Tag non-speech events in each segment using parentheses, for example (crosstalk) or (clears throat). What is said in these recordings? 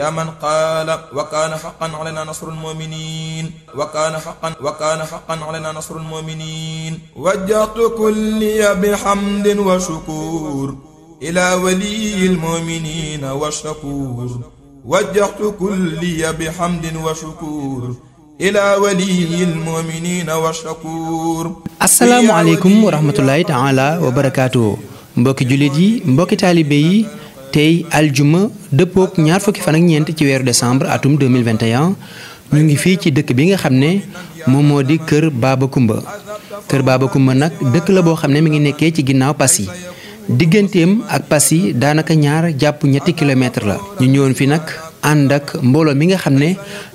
yaa man qaala wa kaana xaqan alayna nasrul mu'minin wa kaana xaqan wa kaana xaqan alayna nasrul mu'minin wajjahtu kulliya bihamdin wa shukur ila waliyil mu'minin wa shakur wajjahtu kulliya bihamdin wa shukur ila waliyil mu'minin wa shakur assalaamu aleykum wa rahmatullahi taala wa barakaatu mbokki jullit yi mbokki taalibe yi tey aljuma dëppook ñaar fukki fan ak ñeent ci weeru décembre atum 2021 ñu ngi fii ci dëkk bi nga xam ne moom moo di kër baaba Coumba kër Baba Coumba nag dëkk la boo xam ne mi ngi nekkee ci ginnaaw Passy digganteem ak Passy daanaka ñaar jàpp ñetti kilomètre la ñu ñëwoon fi nag ànd ak mbooloo mi nga xam ne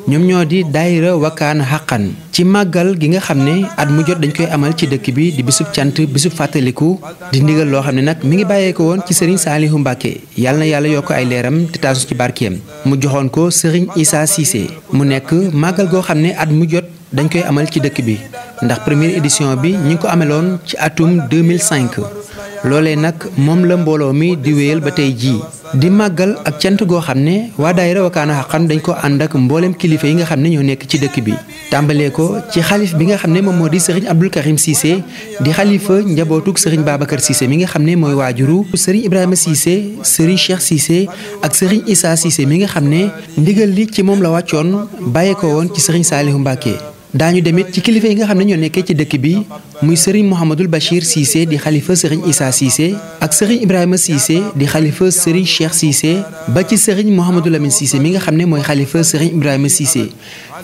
ñoom ñoo di daayira wakkaan xaqan ci màggal gi nga xam ne at mu jot dañ koy amal ci dëkk bi di bisub cant bisub fàttaliku di ndigal loo xam ne nag mi ngi bàyyeeko woon ci sëriñ Saalihu Mbàkke yàlla na yàlla yokk ay leeram te taasu ci barkeem mu joxoon ko sëriñ Issa Cissé mu nekk màggal goo xam ne at mu jot dañu koy amal ci dëkk bi ndax première édition bi ñu ngi ko ameloon ci atum 2005 loolee nag moom la mbooloo mi di wéyal ba tey jii di màggal ak cant goo xam ne waa daayira Wakana Haqqan dañ ko ànd ak mbooleem kilifa yi nga xam ne ñoo nekk ci dëkk bi tàmbalee ko ci xalifa bi nga xam ne moom moo di sëriñ Abdul Karim Cissé di xalifa njabootug sëriñ Babacar Cissé mi nga xam ne mooy waajuru sëriñ Ibrahima Cissé sëriñ Cheikh Cissé ak sëriñ Issa Cissé mi nga xam ne ndigal li ci moom la wàccoon bàyyee ko woon ci sëriñ Saalihu Mbàkke daañu demit ci kilifa yi nga xam ne ñoo nekkee ci dëkk bi muy sëriñ Mouhamadul Bachir Cissé di xalifa sëriñ Issa Cissé ak sëriñ Ibrahima Cissé di xalifa sëriñ Cheikh Cissé ba ci sëriñ Mouhamadul Amin Cissé mi nga xam ne mooy xalifa sëriñ Ibrahima Cissé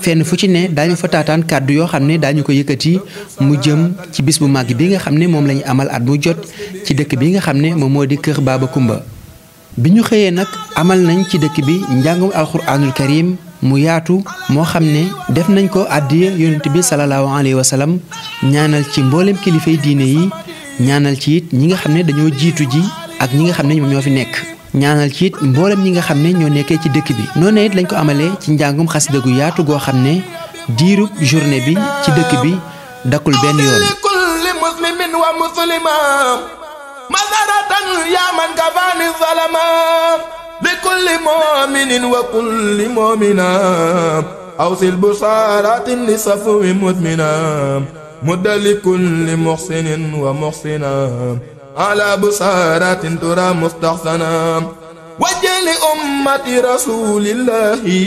fenn fu ci ne daañu fa taataan kàddu yoo xam ne daañu ko yëkkati mu jëm ci bis bu màgg bi nga xam ne moom la ñu amal at mu jot ci dëkk bi nga xam ne moom moo di kër baaba Kumba bi ñu xëyee nag amal nañ ci dëkk bi njàngum alxuraanul karim mu yaatu moo xam ne def nañ ko àddiya yonent bi salallaahu alayhi wa sallam ñaanal ci mboolem kilifay diine yi ñaanal ci it ñi nga xam ne dañoo jiitu ji ak ñi nga xam ne ñoom ñoo fi nekk ñaanal ci it mboolem ñi nga xam ne ñoo nekkee ci dëkk bi noonu it lañ ko amale ci njàngum xasida gu yaatu goo xam ne diirub journée bi ci dëkk bi dakkul benn yoon wa bikulli mu'minin wa kulli mu'minatin awsil busaaratin li safwi mudminatin mudda li kulli muhsinin wa muhsinatin ala busaaratin turaa mustahsanatin wajjali ummati rasulillahi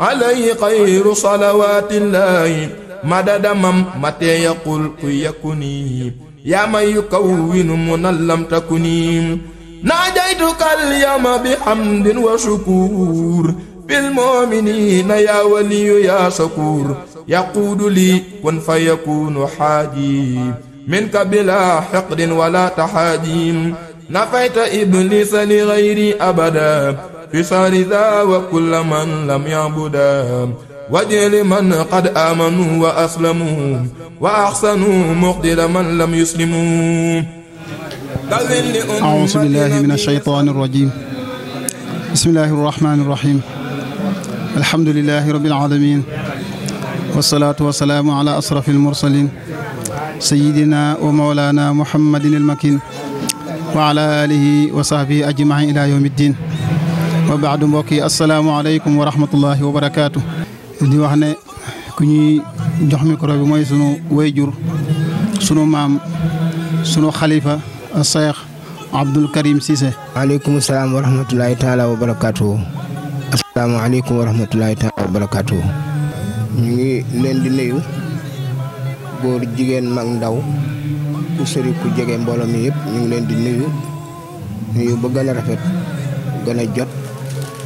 alayhi xayru salawaatillahi madadamam matee yaqul ku yakuni yaa man yukawwinu mu nan lam takuni ناجيتك اليوم بحمد وشكور بالمؤمنين يا ولي يا شكور يقود لي كن فيكون حادي منك بلا حقد ولا تحاديم نفيت إبليس لغيري أبدا في شهر ذا وكل من لم يعبدا واجعل من قد آمنوا وأسلموا وأحسنوا مقدر من لم يسلموا أعوذ بالله من الشيطان الرجيم بسم الله الرحمن الرحيم الحمد لله رب العالمين والصلاة والسلام على أشرف المرسلين سيدنا ومولانا محمد المكين وعلى آله وصحبه أجمعين إلى يوم الدين وبعد mbokk yi asalaamaaleykum wa rahmatullahi wa barakaatu. di wax ne ku ñuy jox micro bi mooy sunu wayjur sunu maam sunu xalifa. Cheikh Abdoul Karim Cissé. maaleykum salaam wa rahmatulahi taala wa barakaatu. asalaamaaleykum wa rahmatulahi taala ñu ngi leen di nuyu góor jigéen mag ndaw ku sori ku jege mbooloo mi yëpp ñu ngi leen di nuyu nuyu ba gën a rafet gën a jot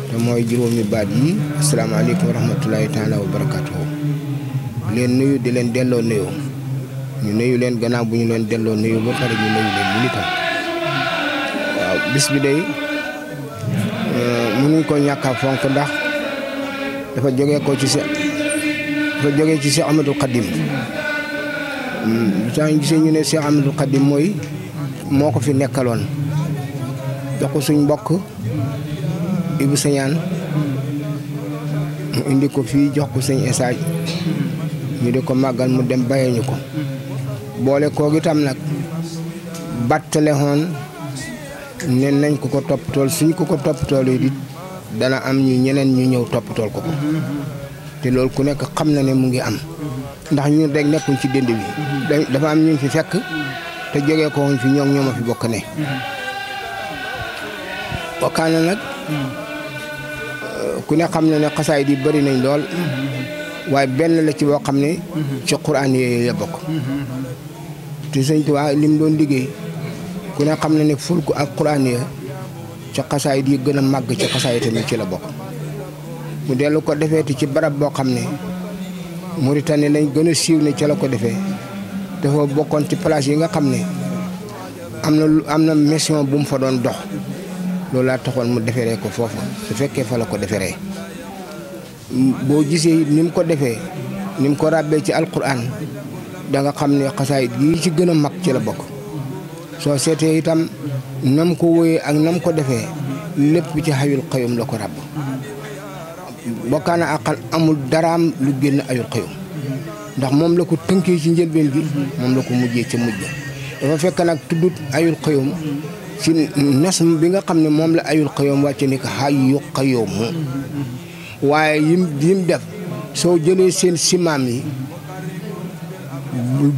te mooy juróomi baat yi asalaamaaleykum wa rahmatulahi taala wa leen nuyu di leen delloo nuyu. ñu nuyu leen gannaaw bu ñu leen delloo nuyu ba pare ñu nuyu leen militant waaw bis bi day euh, ko ñàkk a fonk ndax dafa jógee ko ci si dafa jógee ci Cheikh Ahmadou Khadim saa hmm, ñu gisee ñu ne Cheikh Ahmadou mooy moo ko fi nekkaloon jox ko suñ mbokk Ibou Sañaan mu indi ko fii jox ko sëñ Essa ñu di ko màggal mu dem bàyyee ñu ko boole koog itam nag battale xoon nañ ko ko toppatool suñ ko ko toppatool yi di dana am ñu ñeneen ñu ñëw toppatool ko ko te loolu ku nekk xam na ne mu ngi am ndax ñu rek nekkuñ ci dënd bi dafa am ñu fi fekk te jógee ko fi ñoom ñoom ma fi bokk ne bokkaana nag ku ne xam ne ne xasaay di bëri nañ lool waaye benn la ci boo xam ne ci quraan yooyu la bokk te sëñ Tuubaa li mu doon liggéey ku ne xam na ne fulku ak quraan ya ca xasaayit yi gën a màgg ci xasaayitam yi ci la bokk mu dellu ko defeeti ci barab boo xam ne Mauritanie lañ gën a siiw ca la ko defee dafa bokkoon ci place yi nga xam ne am na am na mission bu mu fa doon dox loolu laa toxoon mu deferee ko foofu su fekkee fa la ko deferee boo gisee nim ko defee ni ko ràbbee ci alquran da nga xam ne xasaayit gi ci gën a mag ci la bokk soo seetee itam nam ko wóoyee ak nam ko defee lépp ci xayul xayum la ko ràbb bokkaana àqal amul daraam lu génn ayul xayum ndax moom la ko tënkee ci njëlbeen gi moom la ko mujjee ci mujj dafa fekk nag tuddut ayul xayum ci nas bi nga xam ne moom la ayul xayum wàcce ni ko xayu xayum waaye yim def soo jëlee seen simaam yi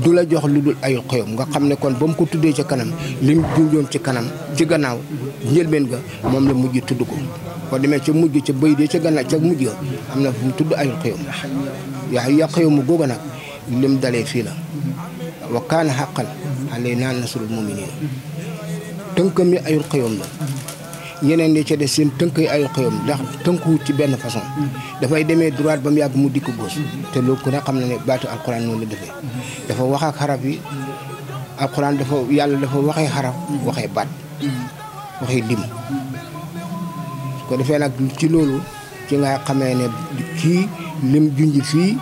du la jox lu dul ay xoyom nga xam ne kon ba mu ko tuddee ca kanam lim junjoon ci kanam ci gannaaw njëlbeen ga moom la mujj tudd ko boo demee ca mujj ca bëy dee ca gannaaw ca mujj ga am na fu mu tudd ay xoyom yaa ya xoyomu googa nag lim dalee fii la wa kaana xaqan alay naan nasrul muminina tënkam yi ayul xëyoom la yeneen yi ca seen tënk ay xëyam ndax tënkuwut ci benn façon dafay demee droite ba mu yàgg mu dikk gauche te loolu ko ne xam na ne baatu alxuraan noonu la defee dafa wax ak xaraf yi alxuraan dafa yàlla dafa waxee xaraf waxee baat waxee lim ko defee nag ci loolu ci nga xamee ne kii lim junj fii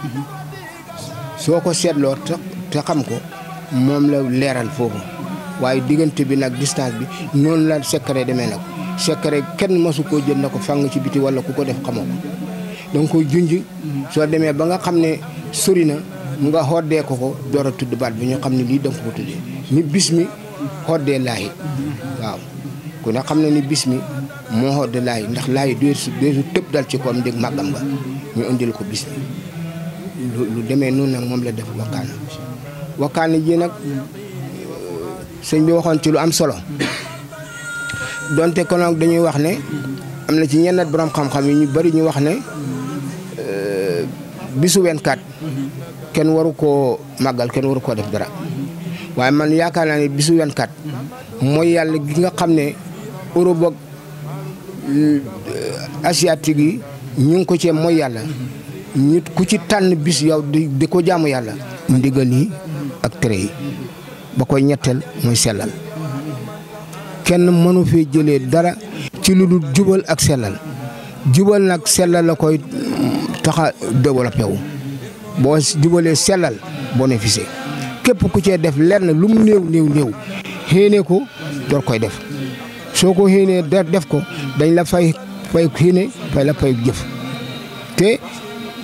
soo ko seetloo te xam ko moom la leeral foofu waaye diggante bi nag distance bi noonu la secret demee nag secret kenn masu koo jël ko fàng ci biti wala ku ko def xamoo ko danga koy junj soo demee ba nga xam ne sori na nga xoddee ko ko door a tudd baat bi ñu xam ne lii danga ko tuddee ni bis mi xoddee laayi waaw ku ne xam ne ni bis mi moo xoddee laayi ndax laayi deesu deesu tëb dal ci koom dégg màggam ba ñu indil ko bis mi lu demee noonu nag moom la def wakkaana wakkaana ji nag sëñ bi waxoon ci lu am solo donte kon nag dañuy wax ne am na ci ñenn borom xam-xam yi ñu bari ñu wax ne euh, bisu wenkaat kenn waru koo màggal kenn waru koo def dara waaye man yaakaar naa ne bisu wenn wenkaat mooy yàlla gi nga xam ne Europe ak euh, asiatique yi ñu ngi ko cee mooy yàlla nit ku ci tànn bis yow di di ko jaamu yàlla ndigal yi ak tere yi ba koy ñetteel mooy sellal kenn mënu fi jëlee dara ci lu jubal ak sellal jubal nag sellal la koy tax a développé boo jubalee sellal bénéficier képp ku cee def lenn lu mu néew néew néew xéene ko door koy def soo ko xéenee def ko dañ la fay fay xéene fay la fay jëf te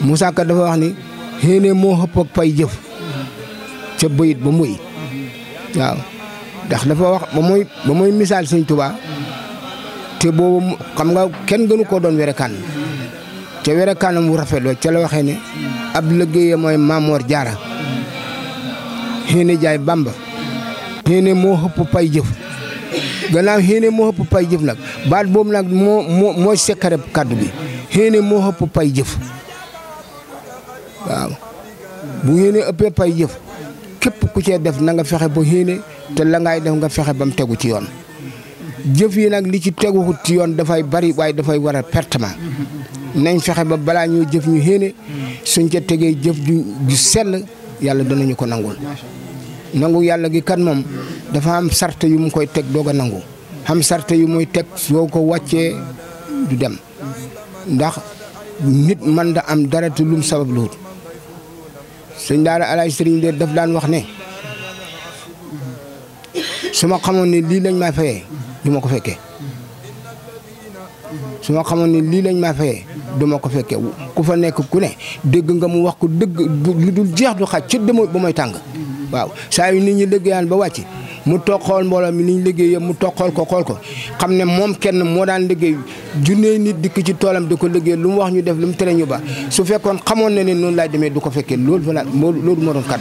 Moussa Ka dafa wax ni xéene moo xëpp ak jëf ca bëyit ba muy waaw ndax dafa wax ba mooy mooy misaal sëñ Tuubaa te boobu xam nga kenn gënu koo doon werekaan ca werekaanam wu rafet wa ca la waxee ne ab liggéey mooy Maamoor Jaara xéene jaay Bàmba xéene moo xëpp pay jëf gannaaw xéene moo xëpp pay jëf nag baat boobu nag moo moo mooy sekkareb bi xéene moo xëpp pay jëf waaw bu xéene ëppee pay jëf képp ku cee def na nga fexe ba yéene te la def nga fexe ba mu tegu ci yoon jëf yi nag li ci teguwut ci yoon dafay bari waaye dafay war a pertement nañ fexe ba balaa ñoo jëf ñu yéene suñ ca tegee jëf ju ju sell yàlla danañu ko nangul nangu yàlla gi kan moom dafa am sart yu mu koy teg doog a nangu am sart yu muy teg soo ko wàccee du dem ndax nit mën da am dara te lum sabab luut sëñ daara alaaj sëriñ de daan wax ne su ma xamoon ne lii lañ maa fayee du ma ko fekkee su ma xamoon ne lii lañ maa fayee du ma ko fekkee ku fa nekk ku ne dégg nga mu wax ko dëgg lu dul jeex du xaj ci dëmm ba mooy tàng waaw saa yu nit ñi liggéeyaan ba wàcc mu toog xool mbooloo mi ni ñu liggéey mu toog ko xool ko xam ne moom kenn moo daan liggéey junne nit dikk ci toolam di ko liggéey lu mu wax ñu def lu mu tere ñu ba su fekkoon xamoon na ne noonu laay demee du ko fekkee loolu fa la loolu moo doon ba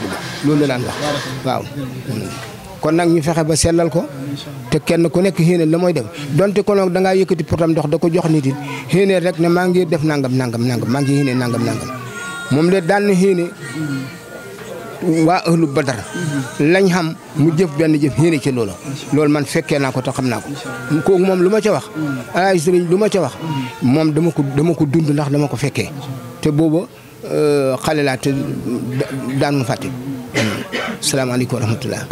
loolu la daan wax waaw kon nag ñu fexe ba sellal ko te kenn ku nekk xéene la mooy def donte ko nag yëkkati potam ndox da ko jox nit it xéene rek ne maa ngi def nangam nangam nangam maa ngi xéene nangam na waa ahlu badar lañ xam mu jëf benn jëf yéene ci loola loolu man fekkee naa ko te xam naa ko kooku moom lu ma ca wax ay sëriñ lu ma ca wax moom dama ko dama ko dund ndax dama ko fekkee te booba euh, xale laa te daan mu fàtte salaamaaleykum wa rahmatulah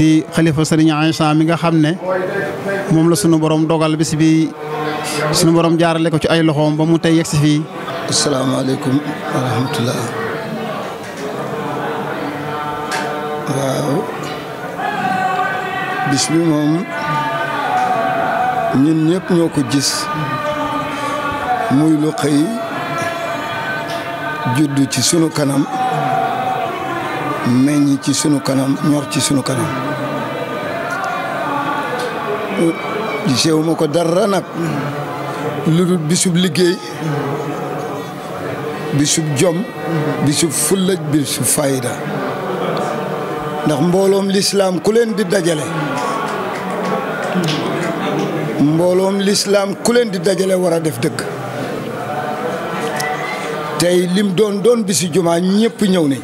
di xalifa sëriñ Aïcha mi nga xam ne moom la sunu borom dogal si bii sunu borom jaarale ko ci ay loxoom ba mu tey yegsi fii asalaamaaleykum wa rahmatullah waaw bis moom ñun ñëpp ñoo ko gis muy lu xëy judd ci sunu kanam meññ ci sunu kanam ñor ci sunu kanam gisewuma ko dara nag lu dul bisub liggéey bisub jom bisub fulla bisub fayda ndax mbooloom lislaam ku leen di dajale mbooloom lislaam ku leen di dajale war a def dëgg tey lim doon doon bi si jumaa ñëpp ñëw nañ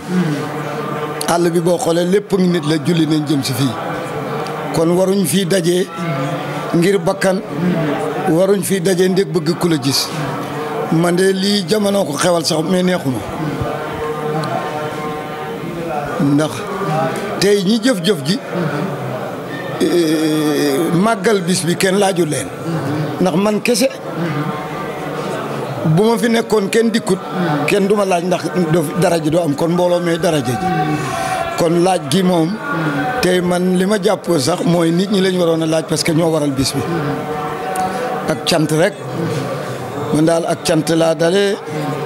àll bi boo xoolee lépp nit la julli ne jëm si fii kon waruñ fii daje ngir bakkan waruñ fii daje ndég bëgg ku la gis man de lii jamono ko xewal sax mais neexuma ndax tey ñi jëf-jëf ji eh, màggal bis bi kenn laaju leen ndax man kese bu ma fi nekkoon kenn dikkut kenn duma laaj ndax dara ji doo am kon mbooloo mee dara ji kon laaj gi moom tey man li ma jàpp sax mooy nit ñi lañ waroon a laaj parce que ñoo waral bis bi ak cant rek man daal ak cant dale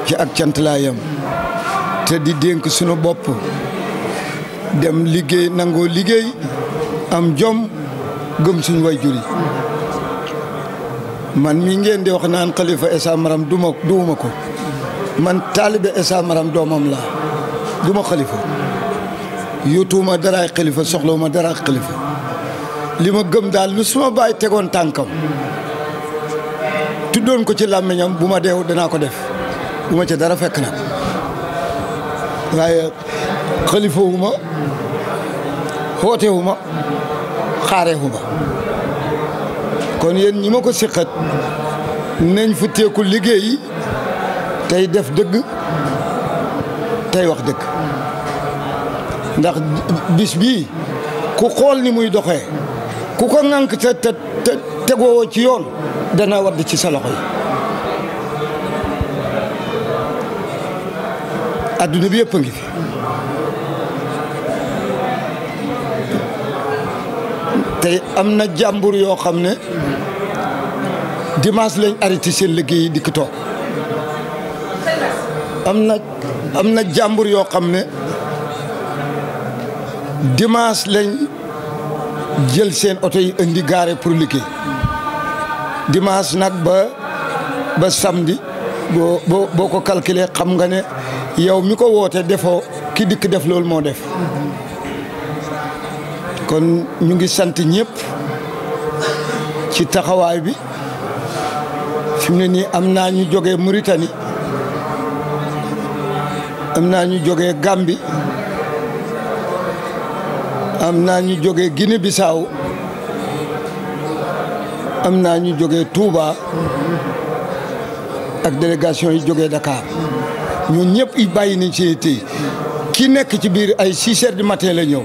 ci ak cant laa te di dénk sunu bopp dem liggéey nangoo liggéey am jom gëm suñu wayjur yi man mi ngeen di wax naan xalifa Essa Maram duma duuma ko man taalibe Essa doomam laa duma xalifa yutuuma daraay xalifa soxlawuma daraay xalifa li ma gëm daal lu suma bàyyi tegoon tànkam tuddoon ko ci làmmiñam bu ma deew danaa ko def bu ma ci dara fekk nag waaye xalifawuma xootewuma xaareewuma kon yéen ñi ma ko siqat nañ fu teeku liggéey tey def dëgg tey wax dëgg ndax bis bii ku xool ni muy doxe ku ko ŋànk te te tegoowoo ci yoon dana di ci sa loxo yi adduna bi yëpp a ngi fi te am na jàmbur yoo xam ne dimanche lañ arrêté seen liggéey yi dikk toog am na am na jàmbur yoo xam ne dimanche lañ jël seen oto yi indi gaare pour liggéey dimanche nag ba ba samedi boo boo boo ko calculer xam nga ne yow mi ko woote defoo ki dikk def loolu moo def kon ñu ngi sant ñëpp ci taxawaay bi fi ne nii am naa ñu jógee muritani am naa ñu jógee Gambie am naa ñu jógee Guinée-Bissau am naa ñu jógee Touba ak délégation yu jóge Dakar ñoo ñëpp yi bàyyi nañ seen tey ki nekk ci biir ay six heures du matin la ñëw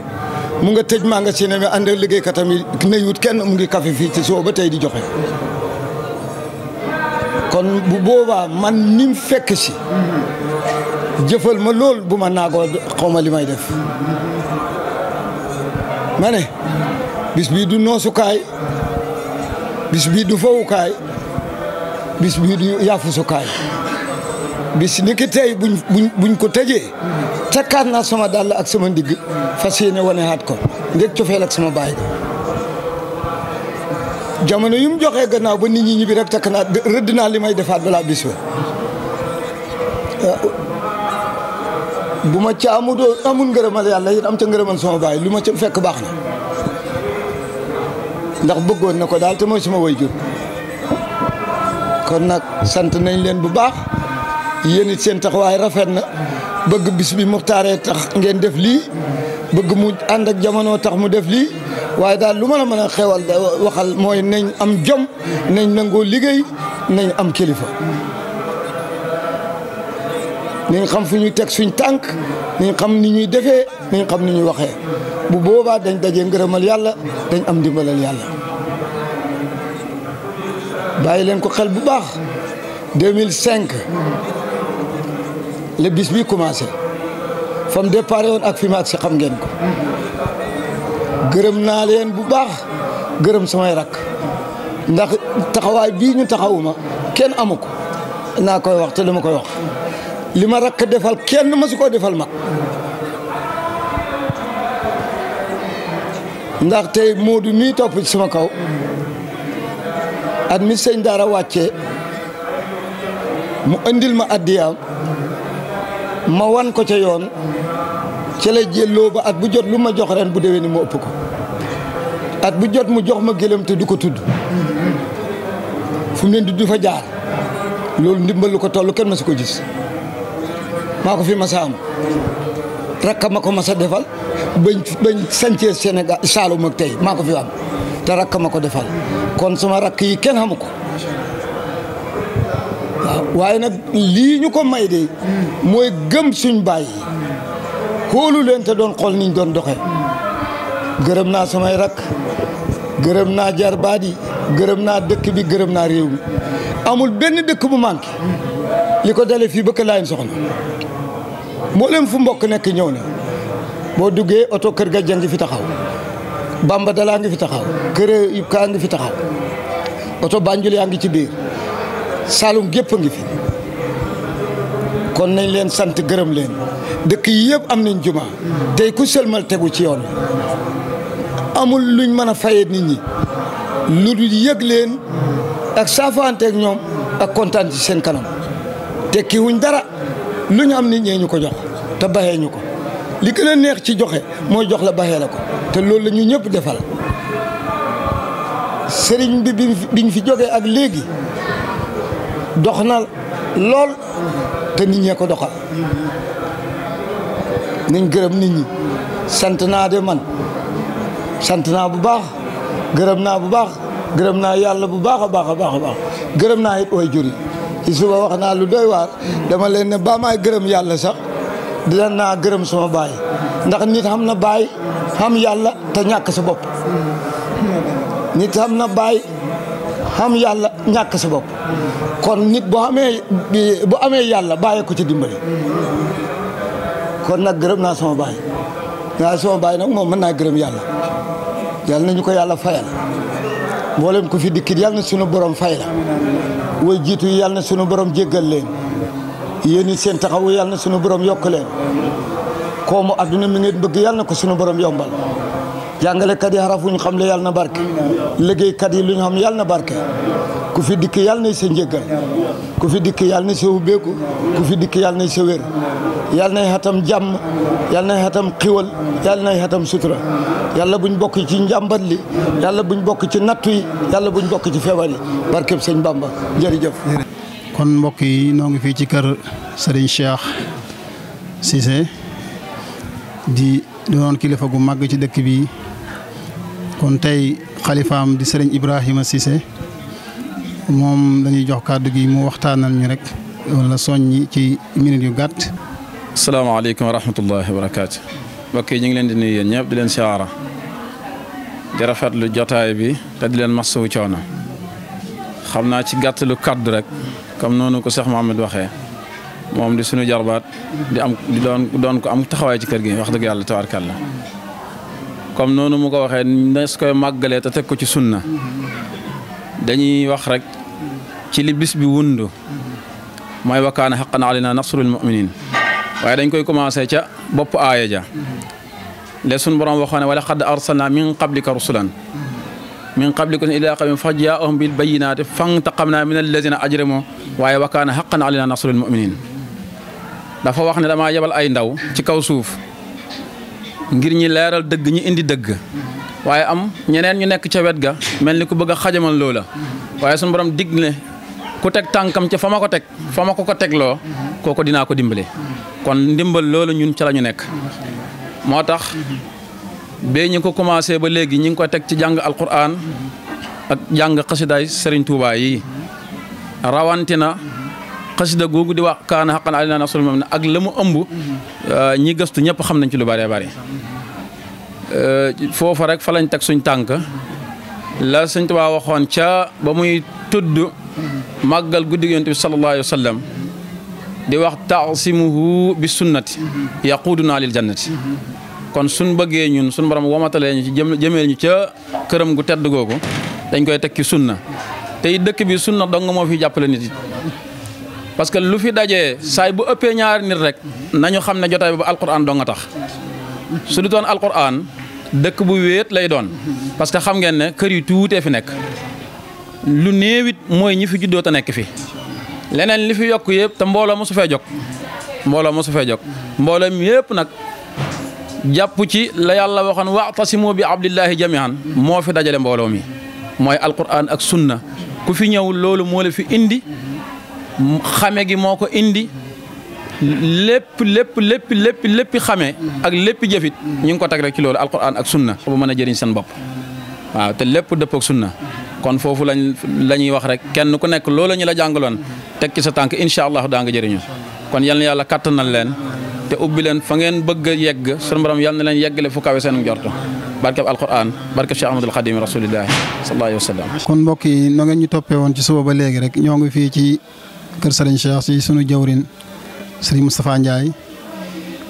mu nga tëj maa nga si ne ànd ak liggéeykatam yi nayut kenn mu ngi kafe fii ci soo ba tey di joxe kon bu boobaa man ni fekk si jëfal ma lool bu ma naagoo xaw ma li may def ma bis bii du noosukaay bis bii du fowukaay bis bii du yaafusukaay bis ni ki tey buñ buñ ko tëjee takkaat naa sama dàll ak sama ndigg fas yéene wanehaat ko ngir cofeel ak sama baay ga jamono yu mu joxee gannaaw ba nit ñi ñibbi rek takk naa rëdd naa li may defaat balaa bis ba bu ma ca amul ngërëmal yàlla it am ca ngërëmal sama baay lu ma ca fekk baax na ndax bëggoon na ko daal te mooy suma waajur kon nag sant nañ leen bu baax yéen it seen taxawaay rafet na bëgg bis bi muxtaaree tax ngeen def lii bëgg mu ànd ak jamono tax mu def lii waaye daal lu ma la mën a xewal waxal mooy nañ am jom nañ nangoo liggéey nañ am kilifa. nañ xam fu ñuy teg suñ tànk nañ xam ni ñuy defee nañ xam ni ñuy waxee bu boobaa dañ daje ngërëmal yàlla dañ am ndimbalal yàlla bàyyi leen ko xel bu baax 2005 la bis bi commencé fa mu déparé woon ak fi ma ak si xam ngeen ko gërëm naa leen bu baax gërëm samay rakk ndax taxawaay bii ñu taxawuma kenn amu ko naa koy wax te ma koy wax li ma rakk defal kenn ma su ko defal mag ndax tey Modou mii topp ci kaw at mi daar daara wàccee mu andil ma addiyaam ma wan ko ca yoon cele la jëlloo ba at bu jot lu ma jox ren bu déwee ni mu ëpp ko at bu jot mu jox ma gëlëm te du ko tudd fu mu leen du fa jaar loolu ndimbal lu ko toll kenn ma si ko gis maa ko fi ma sa rakkam ma ko mas a defal bañ bañ sancee Sénégal Saalum ak tey maa ko fi am te rakkam a ko defal kon sama rakk yi kenn xamu ko waaye nag lii ñu ko may de mooy gëm suñ baay yi xoolu leen te doon xool niñ doon doxee gërëm naa samay rakk gërëm naa jarbaat yi gërëm naa dëkk bi gërëm naa réew mi amul benn dëkk bu manqué li ko dale fii bëkk laayin soxna mboolem fu mbokk nekk ñëw na boo duggee oto kër ga jàng fi taxaw bamba dalaa ngi fi taxaw kër yib kaa ngi fi taxaw oto Banjul yaa ngi ci biir Saalum gépp a ngi fi kon nañ leen sant gërëm dëkk yi yëpp am nañ juma tey ku sëlmal tegu ci yoon amul luñ mën a fayee nit ñi lu dul yëg leen ak saafaanteeg ñoom ak kontaan ci seen kanam tekki wuñ dara lu ñu am nit ñee ñu ko jox te baxee ko li gën a neex ci joxe mooy jox la baxee la ko te loolu la ñu ñëpp defal sëriñ bi biñ fi jógee ak léegi dox na lool te nit ñee ko doxal nañ gërëm nit ñi sant naa de man sant naa bu baax gërëm naa bu baax gërëm naa yàlla bu baax a baax a baax a baax gërëm naa it way juri ci suba wax naa lu doy waar dama leen ne baa maay gërëm yàlla sax di dina naa gërëm sama baay ndax nit xam na baay xam yàlla te ñàkk sa bopp nit xam na baay xam yàlla ñàkk sa bopp kon nit bu amee bu amee yàlla bàyyi ko ci dimbali kon nag gërëm naa sama baay naa sama baay nag moom mën naa gërëm yàlla yàlla nañu ko yàlla fayal mboolem ko fi dikkit yàlla na sunu borom fay la way jiitu yi na sunu borom jéggal leen yéen yi seen taxawu yàlla na sunu borom yokk leen koomu adduna mi ngeen bëgg yàlla na ko sunu borom yombal jàngalekat yi xaraf xam le yàlla na barke liggéeykat yi lu ñu xam yàlla na barke ku fi dikk yàlla na sa njëggal ku fi dikk yàlla na sa ubbeeku ku fi dikk yàlla na sa wér yàlla nay xatam jàmm yàlla nay xatam xiwal yàlla buñ bokk ci njàmbat li yàlla buñ bokk ci nattu yi yàlla buñ bokk ci feebar yi barkeb sëñ Bamba jërëjëf kon mbokk yi noo ngi fii ci kër Serigne Cheikh Cissé di doon kilifa gu màgg ci dëkk bi kon tey xalifaam di Serigne Ibrahima Cissé moom dañuy jox kàddu gi mu waxtaanal ñu rek wala soññi ci minute yu gàtt. salaamaaleykum wa rahmatullahi wa barakaatu. mbokk yi ñu ngi leen di nuyu yéen ñëpp di leen siyaara di rafetlu jotaay bi te di leen masawu coono xam naa ci lu kaddu rek comme noonu ko Cheikh Mohamed waxee moom di suñu jarbaat di am di doon doon ko am taxawaay ci kër gi wax dëgg yàlla tabaarkalla comme noonu mu ko waxee nes koy màggalee te teg ko ci na dañuy wax rek ci li bis bi wund mooy wakaana xaqan alina nasrul muminin waaye dañ koy commencé ca bopp aaya ja le sun borom waxoon ne wala xad arsalna min qablika rusulan min qablikum ila qawmin fa jaahum bil bayyinaati fantaqamna min allazina ajrimu waaye wakaana xaqan alina nasrul muminin dafa wax ne damaa yebal ay ndaw ci kaw suuf ngir ñi leeral dëgg ñi indi dëgg waaye am ñeneen ñu nekk ca wet ga mel ni ku bëgg a xajamal loola waaye suñu borom digg ne ku teg tànkam ci fa ma ko teg fa ma ko ko tegloo kooku dinaa ko dimbale kon ndimbal loola ñun ca la ñu nekk moo tax bee ñu ko commencé ba léegi ñi ngi ko teg ci jàng alquran ak jàng xasidaay Serigne Touba yi rawantina xasida googu di wax kaana xaqan alayna nasrul mu'min ak la mu ëmb ñi gëstu ñëpp xam nañ ci lu bare bëri Euh, foofa rek fa lañ teg suñ tànk la sëñ Tuubaa waxoon ca ba muy tudd màggal guddi Yonent bi sallallahu alayhi wa sallam di wax taasimuhu bi sunnati yaquduna na jannati kon suñ bëggee ñun suñ borom wamatalee ñu ci jëmeel ñu ca këram gu tedd googu dañ koy tekki sunna tey dëkk bi sunna dong moo fi jàppale nit yi parce que lu fi daje saay bu ëppee ñaari nit rek nañu xam ne jotaay ba alquran dong nga tax su du toon alquran dëkk bu wéet lay doon parce que xam ngeen ne kër yu tuutee fi nekk lu néewit mooy ñi fi juddoo te nekk fi leneen li fi yokk yëpp te mbooloo mosu fee jog mbooloo mosu fee jog mbooloo mi yëpp nag jàpp ci la yàlla waxoon moo bi abdillahi jami'an moo fi dajale mbooloo mi mooy alquran ak sunna ku fi ñëw loolu moo la fi indi xame gi moo ko indi lépp lépp lépp lépp lépp xamee ak lépp jëfit ñu ngi ko teg rek ci loolu alquran ak sunna bu mën a jëriñ seen bopp waaw te lépp dëppook sunna kon foofu lañ la ñuy wax rek kenn ku nekk loola ñu la jàngaloon teg ci sa tànk incha allah daa jëriñu kon yal na yàlla kattanal leen te ubbi leen fa ngeen bëgg a yegg sunu borom yal na leen yeggale fu kawe seen njorto barkeb alquran barkeb Cheikh Ahmadul Xadim rasulillahi sallallahu alayhi wa sallam kon mbokk yi no ngeen ñu toppee woon ci suba ba léegi rek ñoo ngi fii ci kër Serigne Cheikh si sunu jawrin sëriñ Moustapha Ndiaye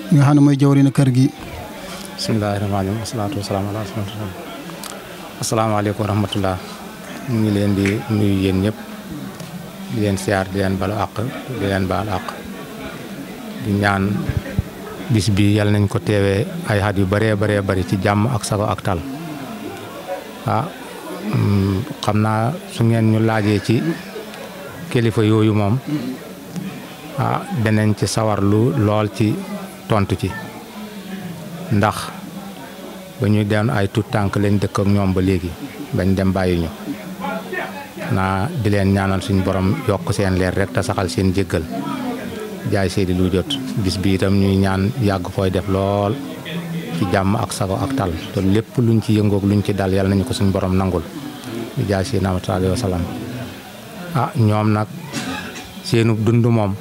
xam ne mooy jawriñu kër gi. bismillaahi rahmaani rahiim asalaatu wasalaamu ala rasulillah ngi leen di nuyu yéen ñëpp di leen siyaar di leen balu àq di leen baal àq di ñaan bis bi yàlla nañ ko teewee ay xat yu bëree bëree bari ci jàmm ak sago ak tal ah, mm, xam naa su ngeen ñu laajee ci kilifa yooyu moom ah beneen ci sawar lu lool ci tontu ci ndax ba ñuy doon ay tut tànk lañ dëkk ñoom ba léegi bañ dem bàyyiñu ñu naa di leen ñaanal suñ borom yokk seen leer rek te saxal seen jéggal jaay seedi lu jot bis bi itam ñuy ñaan yàgg koy def lool ci jàmm ak sago ak tal te lépp luñ ci yëngoog luñ ci dal yàlla nañu ko suñ boroom nangul di jaay seedi naam sallallahu alayhi wa ñoom nag seenub dund moom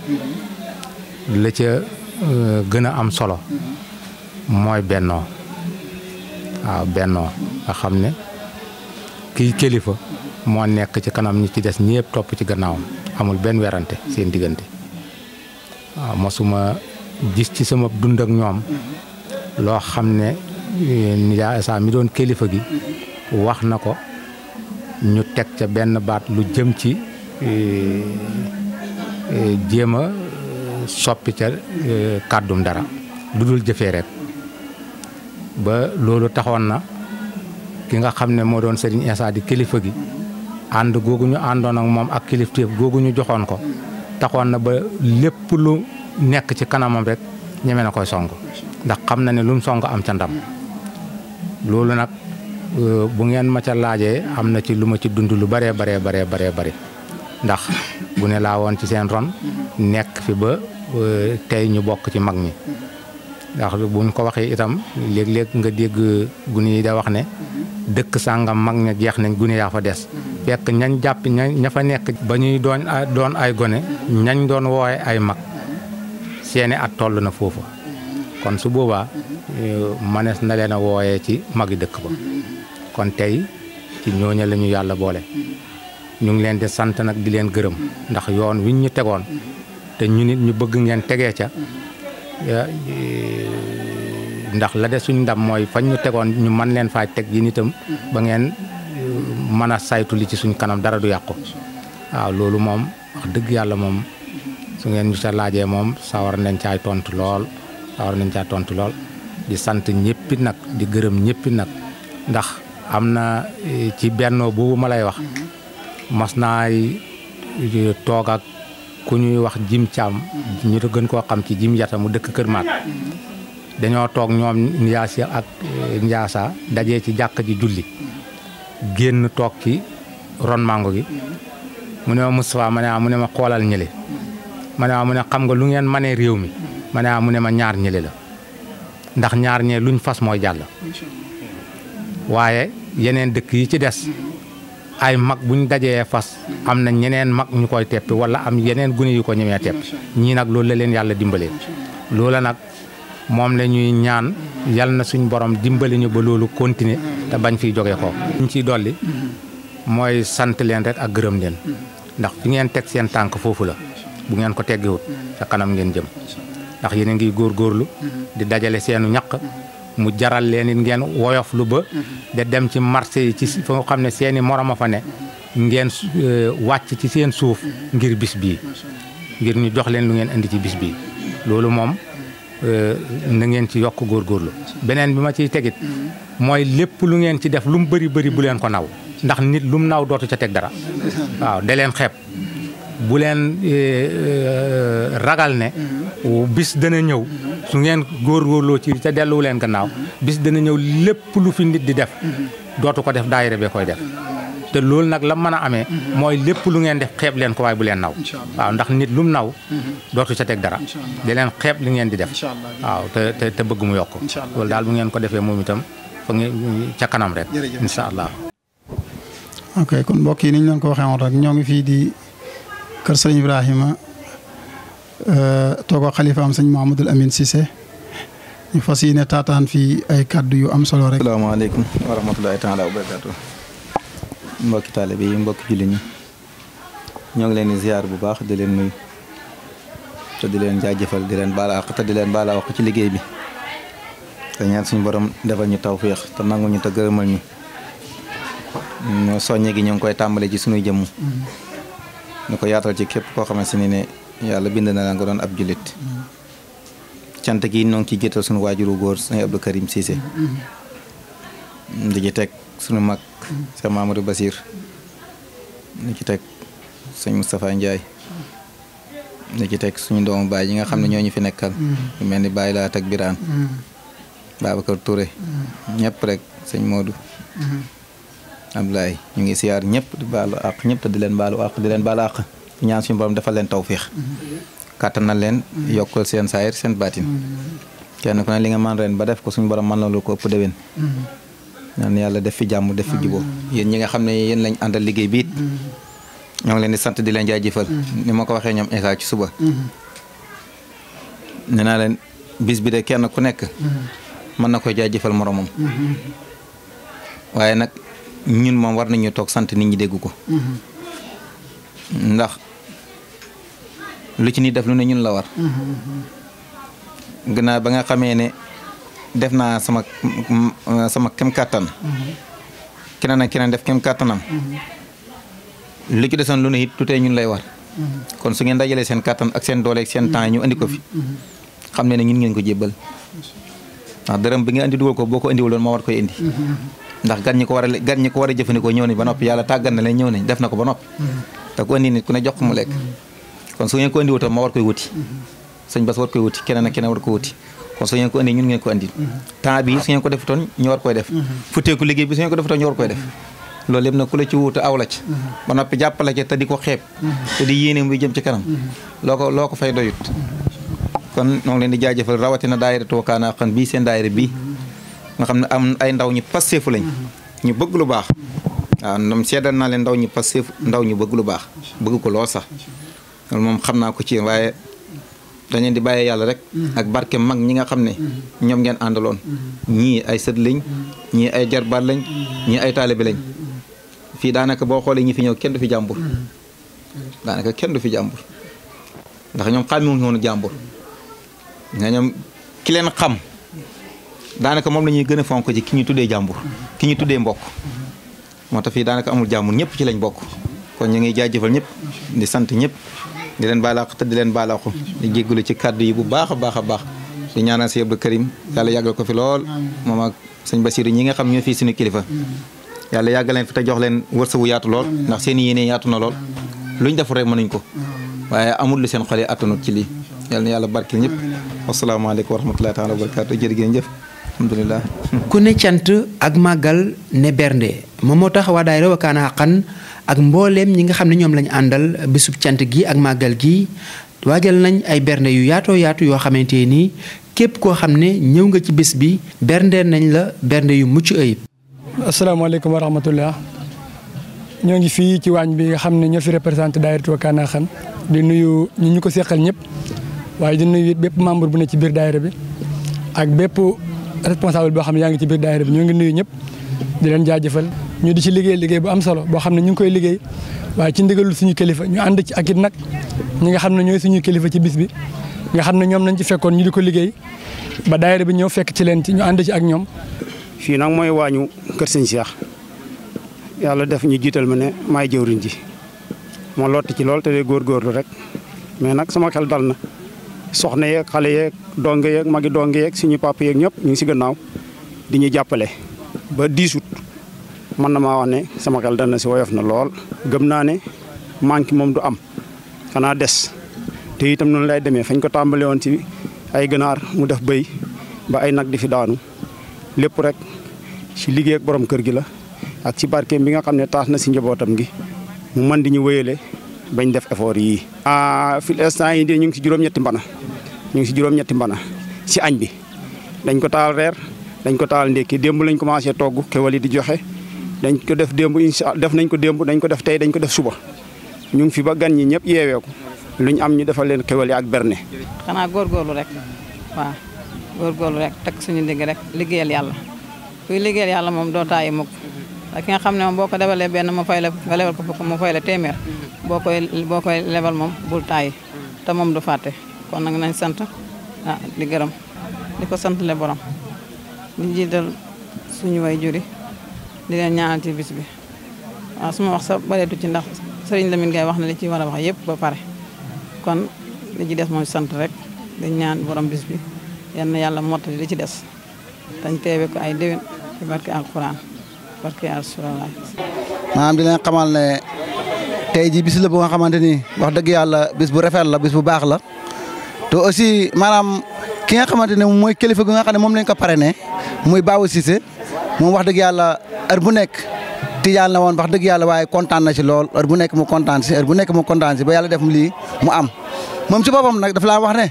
la ca euh, gën a am solo mooy bennoo waaw bennoo nga xam ne kiy kilifa moo nekk ci kanam ñi ci des ñëpp topp ci gannaaw amul benn werante seen diggante waaw mosuma gis ci sama dundak ñoom loo xam ne nijaay euh, saa mi doon kilifa gi wax na ko ñu teg ca benn baat lu jëm ci euh, jéem a euh, soppi ca euh, kàddum dara lu dul jëfee rek ba loolu taxoon na ki nga xam ne moo doon Serigne Issa di kilifa gi ànd googu ñu àndoon ak moom ak kilifteef googu ñu joxoon ko taxoon na ba lépp lu nekk ci kanamam rek ñeme na koy song ndax xam na ne lum mu song am ca ndam loolu nag euh, bu ngeen ma ca laajee xam na ci lu ma ci dund lu baree bare baree baree bëri ndax bu laa woon ci seen ron nekk fi ba euh, tey ñu bokk ci mag ñi ndax buñ ko waxee itam léeg-léeg nga dégg gune yi da wax ne dëkk sàngam mag ña jeex nañ gune yaa fa des fekk ñañ jàpp ña fa nekk ba ñuy doon doon ay gone ñañ doon wooye ay mag seeni at toll na foofa kon su boobaa euh, manees na leen a wooyee ci magi dëkk ba kon tey ci ñooña la ñu yàlla boole ñu ngi leen di sant nag di leen gërëm ndax yoon wi ñu tegoon te ñu nit ñu bëgg ngeen tegee ca ndax la de suñ ndam mooy fañ ñu tegoon ñu man leen faa teg yi nitam ba ngeen mën a saytu ci suñ kanam dara du yàqu waaw loolu moom wax dëgg yàlla moom su ngeen ñu sa laajee moom sawar nañ caay tontu lool sawar nañ caay tontu lool di sant ñëppi nag di gërëm ñëppi nag ndax am na eh, ci bennoo boobu ma lay wax mas naay toog ak ku ñuy wax jim caam ñu gën koo xam ci jim yata mu dëkk Kër Maat dañoo toog ñoom njaasi ak eh, njaasa daje ci jàkk ji julli génn toog ci ron mango gi mu ne ma Moustapha ma ma ah, mu ne ma xoolal ñële ma ne ma ah, mu ne xam nga lu ngeen manee réew mi ma ne ma ah, mu ne ma ñaar ñële la ndax ñaar ñee luñ fas mooy jàll waaye yeneen dëkk yi ci des mm-hmm. ay mag bu ñu dajee fas am na ñeneen mag ñu koy teppi wala am yeneen gune yu ko ñemee tepp ñii nag loolu la leen yàlla dimbalee loola nag moom la ñuy ñaan yal na suñ boroom dimbali ñu ba loolu continuer te bañ fiy jóge ko ñu ciy dolli mooy sant leen rek ak gërëm leen ndax fi ngeen teg seen tànk foofu la bu ngeen ko teggiwut sa kanam ngeen jëm ndax yéen a ngi góorgóorlu di dajale seenu ñaq mu jaral leen ngeen woyof lu ba mhm. da dem ci marché yi ci fa nga xam ne seen i morom a fa ne mhm. ngeen euh, wàcc ci seen suuf mhm. ngir bis bii ngir ñu jox leen lu ngeen indi ci bis bii loolu moom euh, na ngeen ci yokk góorgóorlu beneen bi ma ciy tegit mooy lépp lu ngeen ci def lu mu bëri bëri bu leen ko naw ndax nit lu mu naw dootu ca teg dara (laughs) waaw da leen xeeb bu leen eh, eh, ragal ne mm-hmm. bis dana ñëw mm-hmm. su ngeen góor góorloo ci te delluwu leen gannaaw mm-hmm. bis dana ñëw lépp lu fi nit di def dootu ko def daayira bee koy def te loolu nag la mën a amee mooy lépp lu ngeen def xeeb leen ko waay bu leen naw waaw ndax nit lum naw dootu ca teg dara di leen xeeb li ngeen di def waaw te te bëgg mu yokk loolu daal bu ngeen ko defee moom itam fa ca kanam rek insha allah kër sëñ Ibrahima euh, toogoo xalifaam sëñ Mouhamadul Amine Cissé ñu fas yéene taataan fii ay kàddu yu am solo rek. asalaamaaleykum wa rahmatulahi taala wa barakaatu. mbokki taalibe yi mbokki julli ñi ñoo ngi leen di ziar bu baax di leen muy te di leen jaajëfal di leen baala àq te di leen baalaa àq ci liggéey bi te ñaan suñu borom defal ñu tawféex te nanguñu te gërëmal ñu ñoo soññe gi ñoo ngi koy tàmbale ci suñuy jëmm. ñu ko yaatal ci képp koo xamante ni ne yàlla bind na la nga doon ab jullit cant gi ñoo ngi ciy jiital suñu waajuru góor sëñ Abdou Karim Cissé di ci teg suñu mag sëñ Mamadou Basir di ci teg sëñ Moustapha Ndiaye di ci teg suñu doomu baay yi nga xam ne ñoo ñu fi nekkal ñu mel ni Baye laa ak biraan mm. Babacar Touré mm. ñëpp rek sëñ moodu mm. Ablaye ñu ngi siyaar ñëpp di baalu àq ñëpp te di leen baalu àq di leen baalu àq ñaan suñu borom defal leen tawféex kàttan leen yokkal seen saayir seen baatin kenn ku ne li nga man ren ba def ko suñu borom ko ëpp déwén ñaan yàlla def fi jàmm def fi jubóo ñi nga xam ne yéen lañ àndal liggéey biit ñoo ngi leen di sant di leen jaajëfal ni ma ko waxee ñoom Isa ci suba ne naa leen bis bi de kenn ku nekk mën na koy jaajëfal moromam mm-hmm. waaye nag ñun moom war nañu toog sant nit ñi dégg ko. Mhm. ndax lu ci ni def lu ne ñun la war. Mhm, mhm. gannaaw ba nga xamee ne def naa sama mm, sama kem kàttan. keneen ak keneen def kem kàttanam. lu ci desoon lu ne it tutee ñun lay war. kon su ngeen dajalee seen kàttan ak seen dooleeg seen temps ñu indi ko fi. xam ne ne ñun ngeen ko jébbal. ndax dërëm bi nga andi dugal ko boo ko andiwuloon moo war koy indi. ndax gan ñi ko war a gan ñi ko war a jëfandikoo ñëw nañ ba noppi yàlla tàggat na leen ñëw nañ def na ko ba noppi mm-hmm. te ku andi nit ku ne jox ko mu lekk mm-hmm. kon su ngeen ko andi ma war koy wuti mm-hmm. sëñ bas war koy wuti keneen ak keneen war ko wuti kon su ngeen ko andi ñun ngeen ko andi temps bi su ngeen ko defutoon ñu war koy def futteeku liggéey bi su ngeen ko defutoon ñu war koy def loolu lépp ku la ci wuute aw la ci ba noppi jàppale ci te di ko xeeb te di yéene muy jëm ci kanam loo ko loo ko fay doyut kon ñoo ngi leen di jaajëfal rawatina daayira Wakana Haqqan bii seen daayira bii nga xam ne am ay ndaw ñu passeefu lañ ñu bëgg lu baax waaw ndam seedal naa leen ndaw ñu passeefu ndaw ñu bëgg lu baax bëgg ko lool sax moom xam naa ko ci waaye dañ leen di bàyyee yàlla rek mm-hmm. ak barke mag ñi nga xam ne mm-hmm. ñoom ngeen àndaloon mm-hmm. ñii ay sët ñii ay jarbaat lañ ñii ay taalibe lañ fii daanaka boo xoolee ñi fi ñëw kenn du fi jàmbur daanaka kenn du fi jàmbur ndax ñoom xàmmiwuñu woon jàmbur nga ñoom ki leen xam daanaka moom la ñuy gën a fonk ci ki ñu tuddee jàmbur ki ñu tuddee mbokk moo tax fii daanaka amul jàmbur ñëpp ci lañ bokk kon ñu ngi jëfal ñëpp di sant ñëpp di leen baalaax te di leen baalaaxu di jéggulu ci kàddu yi bu baax a baax a baax di ñaanal si Abdou Karim yàlla yàggal ko fi lool moom ak sëñ Basiru ñi nga xam ñoo fii suñu kilifa yàlla yàggal leen fi te jox leen wërsëgu yaatu lool ndax seen yéene yaatu na lool luñ def rek mënuñ ko waaye amul lu seen xol yi ci lii yal yàlla barkil ñëpp wasalaamaaleykum wa rahmatullahi taala wa barakaatu jërë ngeen jëf alhamdulilah. ku ne cant ak màggal ne bernde moom moo tax waa daayira Wakana Haqqan ak mbooleem ñi nga xam ne ñoom lañu àndal bisub cant gi ak màggal gi waajal nañ ay bernde yu yaatoo yaatu yoo xamante nii képp koo xam ne ñëw nga ci bis bi berndeel nañ la bernde yu mucc ayib. asalaamaaleykum wa rahmatullah ñoo ngi fii ci waañ bi nga xam ne ñoo fi représenté daayiratu Wakana Haqqan di nuyu ñi ñu ko seqal ñëpp waaye di nuyu bépp membre bu ne ci biir daayira bi ak bépp responsable boo xam ne yaa ngi ci biir daayira bi ñoo ngi nuyu ñëpp di leen jaajëfal ñu di ci liggéey liggéey bu am solo boo xam ne ñu ngi koy liggéey waaye ci ndigalul suñu kilifa ñu ànd ci ak it nag ñi nga xam ne ñooy suñu kilifa ci bis bi nga xam ne ñoom nañ ci fekkoon ñu di ko liggéey ba daayira bi ñëw fekk ci leen ci ñu ànd ci ak ñoom fii nag mooy waañu kër sëñ Cheikh yàlla def ñu jiital ma ne may jëwriñ ji ma lott ci lool te góor góorlu rek mais nag sama xel dal na soxna yeeg xale yeeg donge yeeg magi donge yeeg suñu papa yeeg ñëpp ñu ngi si gannaaw di ñu jàppale ba 10 août man na ma wax ne sama xel dana si woyof na lool gëm naa ne manque moom du am xanaa des te itam noonu lay demee fañ ko tàmbale woon ci ay ganaar mu def bëy ba ay nag di fi daanu lépp rek ci liggéey ak borom kër gi la ak ci barkeem bi nga xam ne taas na si njabootam gi mu mën di ñu wéyale bañ def effort yii. Ah, fil instant yi de ñu ngi si juróom-ñetti mbana ñu ngi si juróom-ñetti mbana si añ bi dañ ko taal reer dañ ko taal ndékki demb lañ commencé togg kewal di joxe dañ ko def démb incha def nañ ko démb dañ ko def tey dañ ko def suba ñu ngi fi ba gan ñi ñëpp yeewee ko luñ am ñu defal leen kewal yi ak berne. xanaa góorgóorlu rek waaw góorgóorlu rek takk suñu digg rek liggéeyal yàlla kuy liggéeyal yàlla moom doo mukk ki nga xam ne moom boo ko lebalee benn mu fay la nga lebal ko fukk mu fay la téeméer mm-hmm. boo koy boo koy lebal moom bul taay mm-hmm. te moom du fàtte kon nag nañ sant ah di gërëm di ko sant borom di jiital suñu way juri di leen ñaanal bi waaw ah, su ma wax sa bareetu ci ndax sëriñ Lamine Gaye wax na li ci war a wax yëpp ba pare kon li ci des mooy sant rek di ñaan borom bis bi yal na yàlla mottali di ci des dañ teewe ko ay déwén ci barke alquran barke yaa Rasulallah. maanaam di leen xamal ne tey jii bis la bu nga xamante ni wax dëgg yàlla bis bu rafet la bis bu baax la te aussi maanaam ki nga xamante ne mooy kilifa gi nga xam ne moom lañ ko parrainé muy Babou Cissé moom wax dëgg yàlla ar bu nekk. Tijaan la woon wax dëgg yàlla waaye kontaan na ci lool heure bu nekk mu kontaan si heure bu nekk mu kontaan si ba yàlla def mu lii mu am moom ci boppam nag daf laa wax ne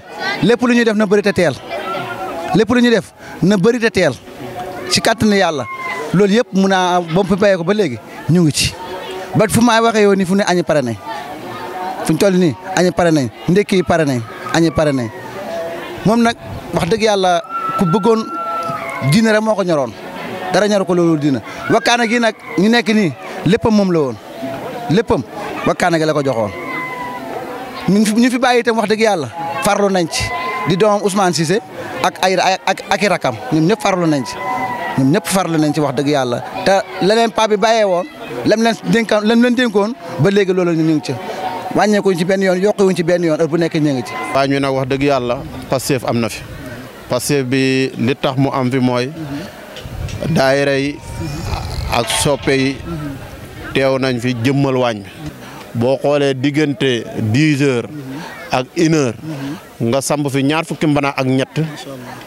lépp lu ñuy def na bëri te teel lépp lu ñuy def na bari te teel ci kàttanu yàlla loolu yëpp mun naa ba mu fi bayee ko ba léegi ñu ngi ci ba fu ma waxee yow fu ne añi pare nañ fu ñu toll nii añi pare nañ ndekki yi pare nañ añi pare nañ moom nag wax dëgg yàlla ku bëggoon diine rek moo ko ñoroon dara ñor ko loolu diina wakkaana gi nag ñu nekk nii léppam moom la woon léppam wakkaana gi la ko joxoon ñu fi bàyyi itam wax dëgg yàlla farlu nañ ci di doomam Ousmane Cissé ak ay ak ak i rakam ñoom ñëpp farlu nañ ci ñoom ñëpp farlu nañ ci wax dëgg yàlla te la leen paa bi bàyyee woon lam leen dénkaan lam leen dénkoon ba léegi loolu ñu ngi ci wàññeekuñ ci benn yoon wu ci benn yoon heure bu nekk ñu ngi ci. waaw ñu nag wax dëgg yàlla Pastef am na fi Pastef bi li tax mu am fi mooy daayira yi ak soppe yi teew nañ fi jëmmal waañ bi boo xoolee diggante dix heures ak une nga samb fi ñaar fukki mbana ak ñett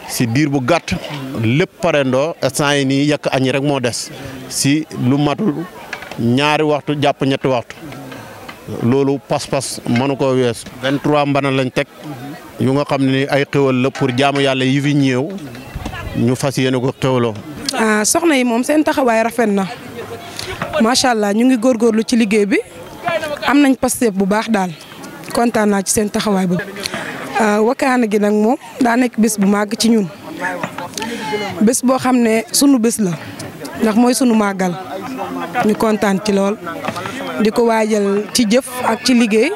si diir bu gàtt lépp parendoo instant yi nii yekk añi rek moo des si lu matul ñaari waxtu jàpp ñetti waxtu loolu pas-pas mënu koo weesu. 23 mbana lañ teg yu nga xam ne ay xéwal la pour jaamu yàlla yi fi ñëw ñu fas yéene ko xéwaloo. ah soxna yi moom seen taxawaay rafet na macha allah ñu ngi góorgóorlu ci liggéey bi am nañ pasteef bu baax daal kontaan naa ci seen taxawaay boobu. Euh, wakaana gi nag moom daa nekk bés bu màgg ci ñun bés boo xam ne sunu bés la ndax mooy sunu màggal ñu kontaan ci lool di ko waajal ci jëf ak ci liggéey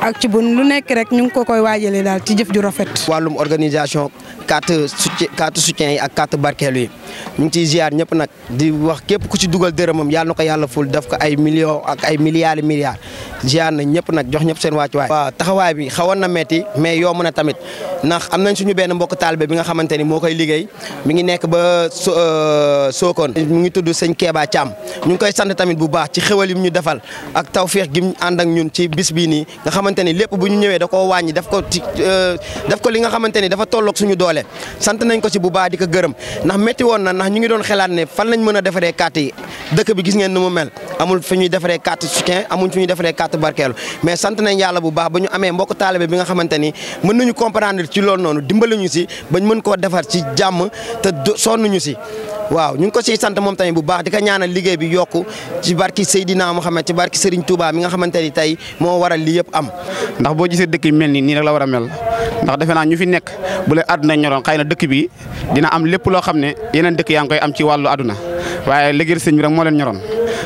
ak ci bun lu nekk rek ñu ngi ko koy waajalee daal ci jëf ju rafet. wàllum organisation carte soutien carte soutien yi ak carte barkeelu yi ñu ngi ciy ziar ñëpp nag di wax képp ku ci dugal dërëmam yàlla na ko yàlla ful def ko ay millions ak ay milliards milliards ziar na ñëpp nag jox ñëpp seen wàccuwaay. waay taxawaay bi xawoon na metti mais yomb na tamit ndax am nañ suñu benn mbokk taalibe bi nga xamante ni moo koy liggéey mi ngi nekk ba soo euh, Sokone. mu ngi tudd sëñ keebaa caam ñu ngi koy sant tamit bu baax ci xéwal yi ñu defal ak tawféex gi mu ànd ñun ci bis bii nii nga xamante ni lépp bu ñëwee da koo wàññi ko euh, daf le sant nañ ko si bu baax di ko gërëm ndax métti woon na ndax ñu ngi doon xelaat ne fan lañ mën a defaree carte dëkk bi gis ngeen ni mu mel amul fi ñuy defaree carte soutien amul fi ñuy defaree carte barkeelu mais sant nañ yàlla bu baax ba ñu amee mbokk taalibe bi nga xamante ni mën nañu comprendre ci loolu noonu dimbali ñu si bañ mën koo defar ci jàmm te sonn ñu si waaw ñu ngi ko siy sant moom tamit bu baax di ko ñaanal liggéey bi yokku ci barki Seydina Mouhamed ci barki Serigne Touba mi nga xamante ni tey moo waral li yëpp am ndax boo gisee dëkk mel nii nii rek la war a mel ndax defe naa ñu fi nekk bu la àdduna ñoroon xëy na dëkk bi dina am lépp loo xam ne yeneen dëkk yaa koy am ci wàllu àdduna waaye liggéeyal sëñ bi moo leen ñoroon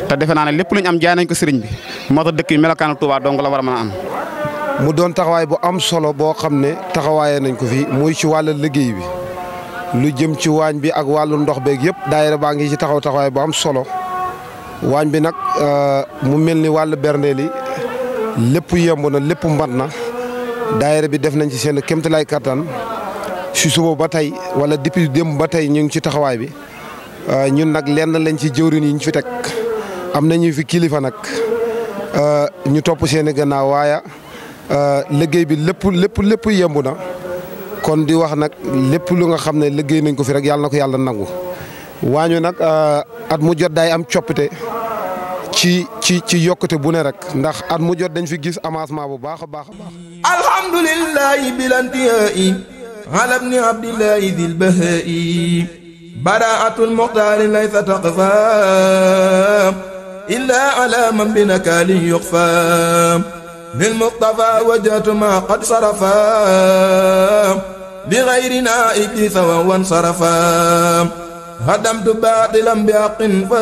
te naa ne lépp lu ñu am jaay nañ ko sëriñ bi moo dëkk bi melokaanu Touba dong la war am. mu doon taxawaay bu am solo boo xam ne taxawaayee nañ ko fi muy ci wàllu liggéey bi lu jëm ci waañ bi ak wàllu ndox beeg yëpp daayira baa ngi ci taxaw taxawaay bu am solo waañ bi nag euh, mu mel ni wàll berndeel yi lépp yemb na lépp mbat na daayira bi def nañ ci seen kéemtalaay kattan si suba ba tey wala depuis démb ba tey ñu ngi ci taxawaay bi euh, ñun nag lenn lañ ci jëwrin yi ñu fi teg am nañu fi kilifa nag euh, ñu topp seen i gannaaw waaye euh, liggéey bi lépp lépp lépp yemb na kon di wax nag lépp lu nga xam ne liggéey nañ ko fi rek yàlla na ko yàlla nangu waañu nag at mu jot day am coppite. ci ci ci yokkute bu ne rek ndax at mu jot dañ fi gis avancement bu baax a baax a baax. alhamdulilah bilantiyaai ala bni abdillahi dil bahaai baraatul muxtaari illa ala bi nakaalin yuqfa lil mustafa wajhatu ma qad sarafa bi gayri naa iblisa wa wan sarafa hadamtu baatilan bi aqin fa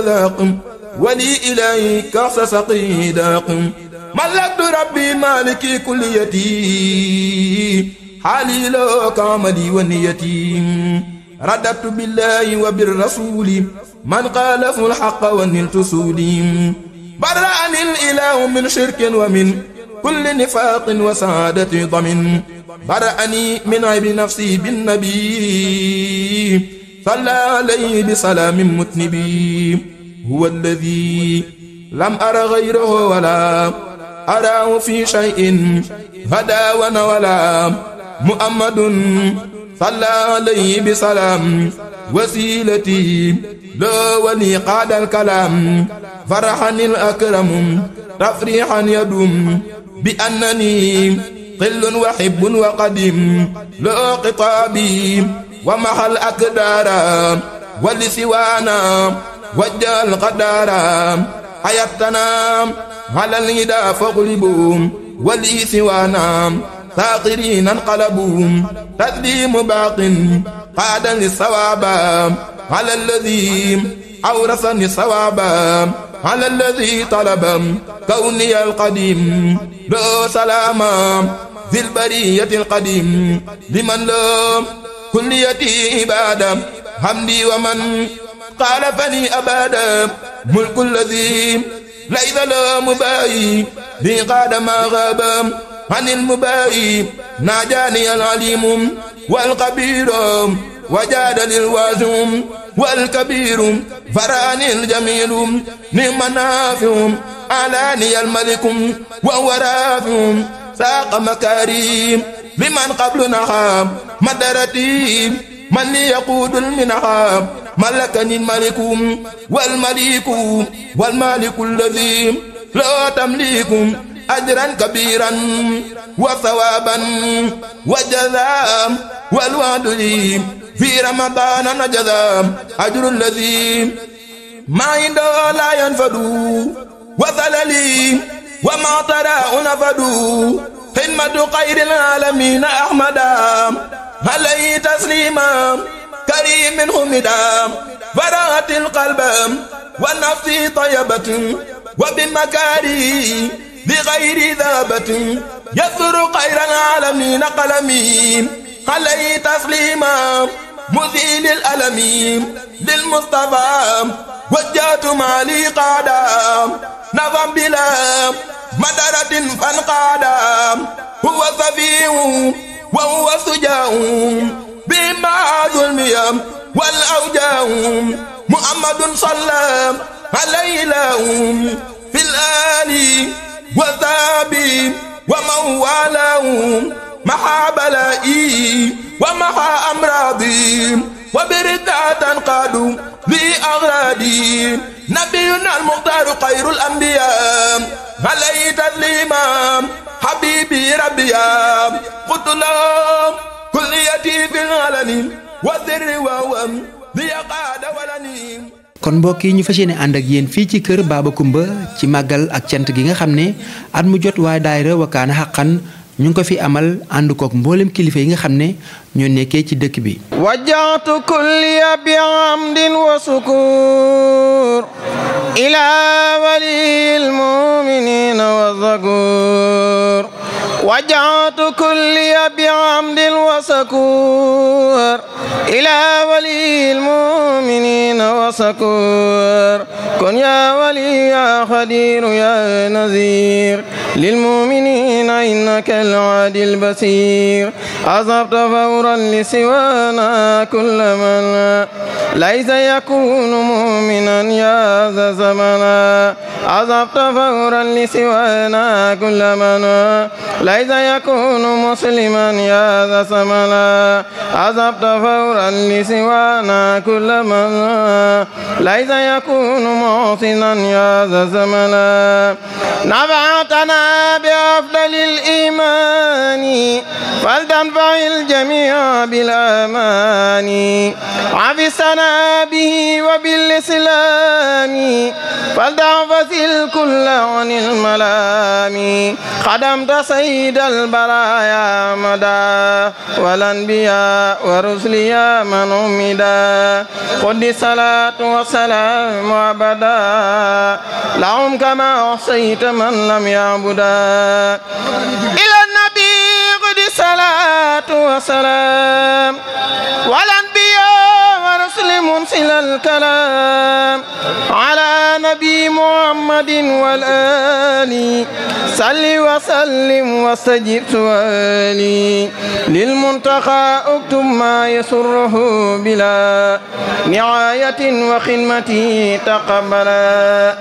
ولي إليك سسقي داقم ملكت ربي مالكي كليتي حالي لو كعملي ونيتي رددت بالله وبالرسول من قالف الحق ونلت سولي برأني الإله من شرك ومن كل نفاق وسعادة ضمن برأني من عيب نفسي بالنبي صلى عليه بسلام متنبي huwa alladi lam ara gayrahu wala araahu fi shayin hadaawana wala muhammadun salla alayhi bi salaam wasiilati loo wali qaadal kalaam faraxanil akramu tafriixan yadum bi annani xillun wa xibbun wa qadim loo xitaabi wa maxal akdaara wali siwaana wajjal qadaaraam hayatanaam halal nida faghlibuum wali siwaanaam saaqiriina anqalabuum tasliimu baaqin qaadan li sawaabaam halal lazim awrasani sawaabaam halal lazi talabam kawniyal qadiim loo salaamaam zil bariyatil qadiim liman loo kulliyati ibaadam hamdi wa man xaalafani abada mulku lazi laysa la mubaayi bi qaadama xaaba anil mubaayi naajaani alalimu walxabiru wajaadalil waasum walkabiru faraanil jamilu ni manaafium alaani almalikum wa waraafium saaqa makaarim bi man qablu naxaam madarati man li yaquudul minaxaam ملكني الملك والمليك والمالك الذي لا تمليك أجرا كبيرا وثوابا وجزاء والوعد لي في رمضان نجزا أجر الذي ما عنده لا ينفد وثللي وما ترى نفد خدمة خير العالمين أحمدا عليه تسليما كريم همدا فرغت القلب والنفس طيبة وبالمكاري بغير ذابة يسر خير العالمين قلمي عليه تسليما مزيل الألم للمصطفى وجهت مالي قادا نظم بلا مدرة فانقادا هو سفيه وهو سجاهم بما ظلمهم والأوجاهم محمد صلى عليه لهم في الآل وذابي ومن والاهم محا بلائي ومحا أمراضي وبردا تنقاد لأغرادي نبينا المختار خير الأنبياء عليه تسليما حبيبي ربيا قتلا kon mbokk yi ñu fas yéene ànd ak yéen fii ci kër Baba Coumba ci màggal ak cant gi nga xam ne at mu jot waa daayira wakaana xaqan ñu ngi ko fi amal ànd kook mboolem kilifa yi nga xam ne ñoo nekkee ci dëkk bi wajaxtu kulliya bi amdin wa sukur ila waliyil muminina wa zakur وجعت كلي بعمد وسكور إلى ولي المؤمنين وسكور كن يا ولي يا خدير يا نذير للمؤمنين إنك العادي البصير أصبت فورا لسوانا كل من ليس يكون مؤمنا يا ذا زمنا أصبت فورا لسوانا كل من ليس يكون مسلما يا ذا سملا عذبت فورا لسوانا كل ملا ليس يكون محسنا يا ذا سملا نفعتنا بأفضل الإيمان فلتنفع الجميع بالأمان عفسنا به وبالإسلام فلتحفظ الكل عن الملام قدمت سيدنا سيد البرايا مدى والأنبياء ورسليا من أمدا قد صلاة وسلام أبدا لهم كما أحصيت من لم يعبدا إلى النبي قد صلاة وسلام والأنبياء منصل الكلام على نبي محمد والآل صل وسلم واستجب سؤالي للمنتقى اكتب ما يسره بلا نعاية وخدمتي تقبلا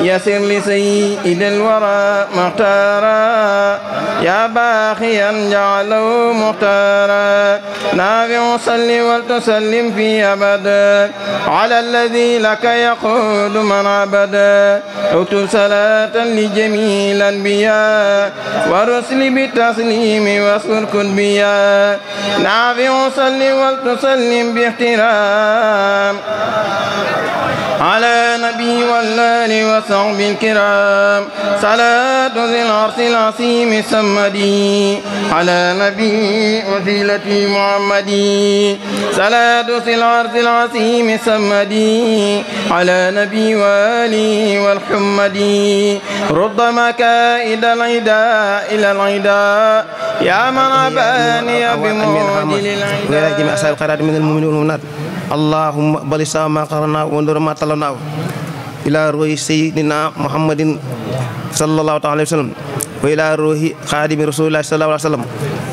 يسر لسيد الورى مختارا يا باخيا جعله مختارا نافع صل ولتسلم في أبدا على الذي لك يقود من عبدا اكتب صلاة لجميع الأنبياء ورسل بالتسليم واذكر كتبيا نافع صل وتسلم باحترام على نبي والآل وصحبه الكرام صلاة ذي العرش العظيم السمدي على نبي وسيلة محمدي صلاة ذي العرش العظيم إبراهيم سمدي على نبي والي والحمدي رد مكائد العداء إلى العداء يا من أباني بمعدل العداء غير جميع أصحاب القرار من المؤمنين والمؤمنات اللهم بل ما قرنا وانظر ما طلبناه إلى روي سيدنا محمد صلى الله عليه وسلم wa ilaa ruuhi xaadimi rasulillahi sallallahu alayhi wa sallam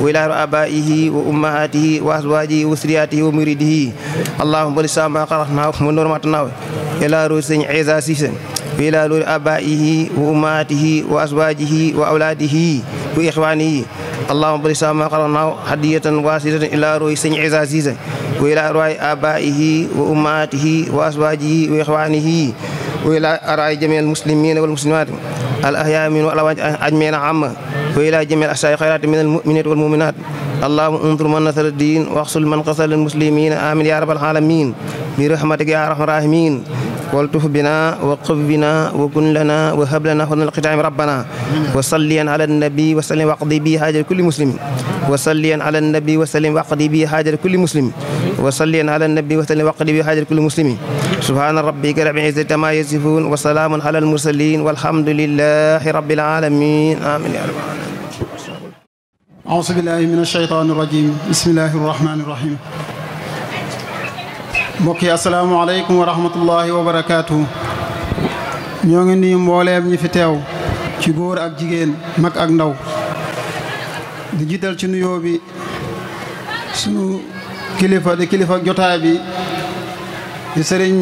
wa ilaa abaihi wa ummahatihi wa azwajihi wa sriyatihi wa muridihi allahumma li sama xalaxnaa wa normatnaaw ilaa ruuhi sëñ Isa Cissé wa ilaa ruuhi abaihi wa ummahatihi wa azwajihi wa awlaadihi wa ixwaanihi allahumma li sama xalaxnaa hadiyatan wasilatan ilaa ruuhi sëñ Isa Cissé wa ilaa ruuhi abaihi wa ummahatihi wa azwajihi wa ixwaanihi wa ilaa ruuhi jamiil muslimiina wal muslimaat الأحياء من والأموات أجمعين عامة وإلى جميع أشياء خيرات من المؤمنين والمؤمنات اللهم انظر من نصر الدين واخذل من قتل المسلمين آمين يا رب العالمين برحمتك يا أرحم الراحمين waltuf bina wa qub bina wa kun lana wa hab lana xusnal xitaami rabbana wa salliyan ala nabi wa sallim waqdi bi haajat kulli muslim wa salliyan ala nabi wa sallim waqdi bi haajat kulli muslim wa salliyan ala nabi wa sallim waqdi bi haajat kulli muslimin subhaana rabbika rabbil izzati amma yasifun wa salaamun ala al mursalin walhamdulillahi rabbil alamin amin ya rabbal alamin auzu billahi minash shaytaani rajim bismillahi rahmaani rahim mbokk yi asalaamaaleykum wa rahmatullahi wa barakaatu. ñoo ngi nuyu mbooleem ñi fi teew ci góor ak jigéen mag ak ndaw di jiital ci nuyoo bi sunu kilifa di kilifa jotaay bi di sëriñ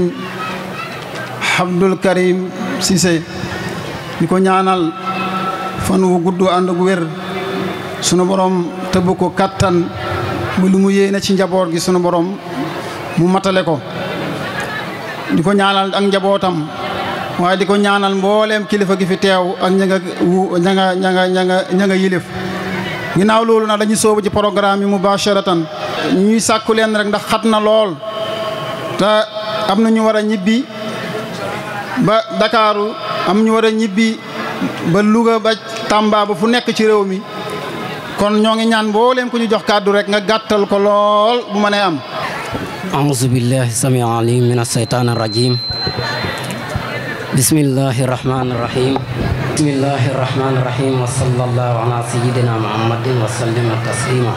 Abdul Karim Cissé di ko ñaanal fan wu gudd ànd gu wér sunu borom tëbb ko kattan ba lu mu yéene ci njaboot gi sunu borom mu matale ko di ko ñaanal ak njabootam waaye di ko ñaanal mbooleem kilifa gi fi teew ak ña nga wu ña nga ña nga ña nga ña ginnaaw loolu nag dañuy sóobu ci programme yi mubasharatan ñuy sàkku leen rek ndax xat na lool te am na ñu war a ñibbi ba Dakaaru am ñu war a ñibbi ba Louga ba Tamba ba fu nekk ci réew mi kon ñoo ngi ñaan mbooleem ko ñu jox kàddu rek nga gàttal ko lool bu mënee am أعوذ بالله السميع العليم من الشيطان الرجيم بسم الله الرحمن الرحيم بسم الله الرحمن الرحيم وصلى الله على سيدنا محمد وسلم تسليما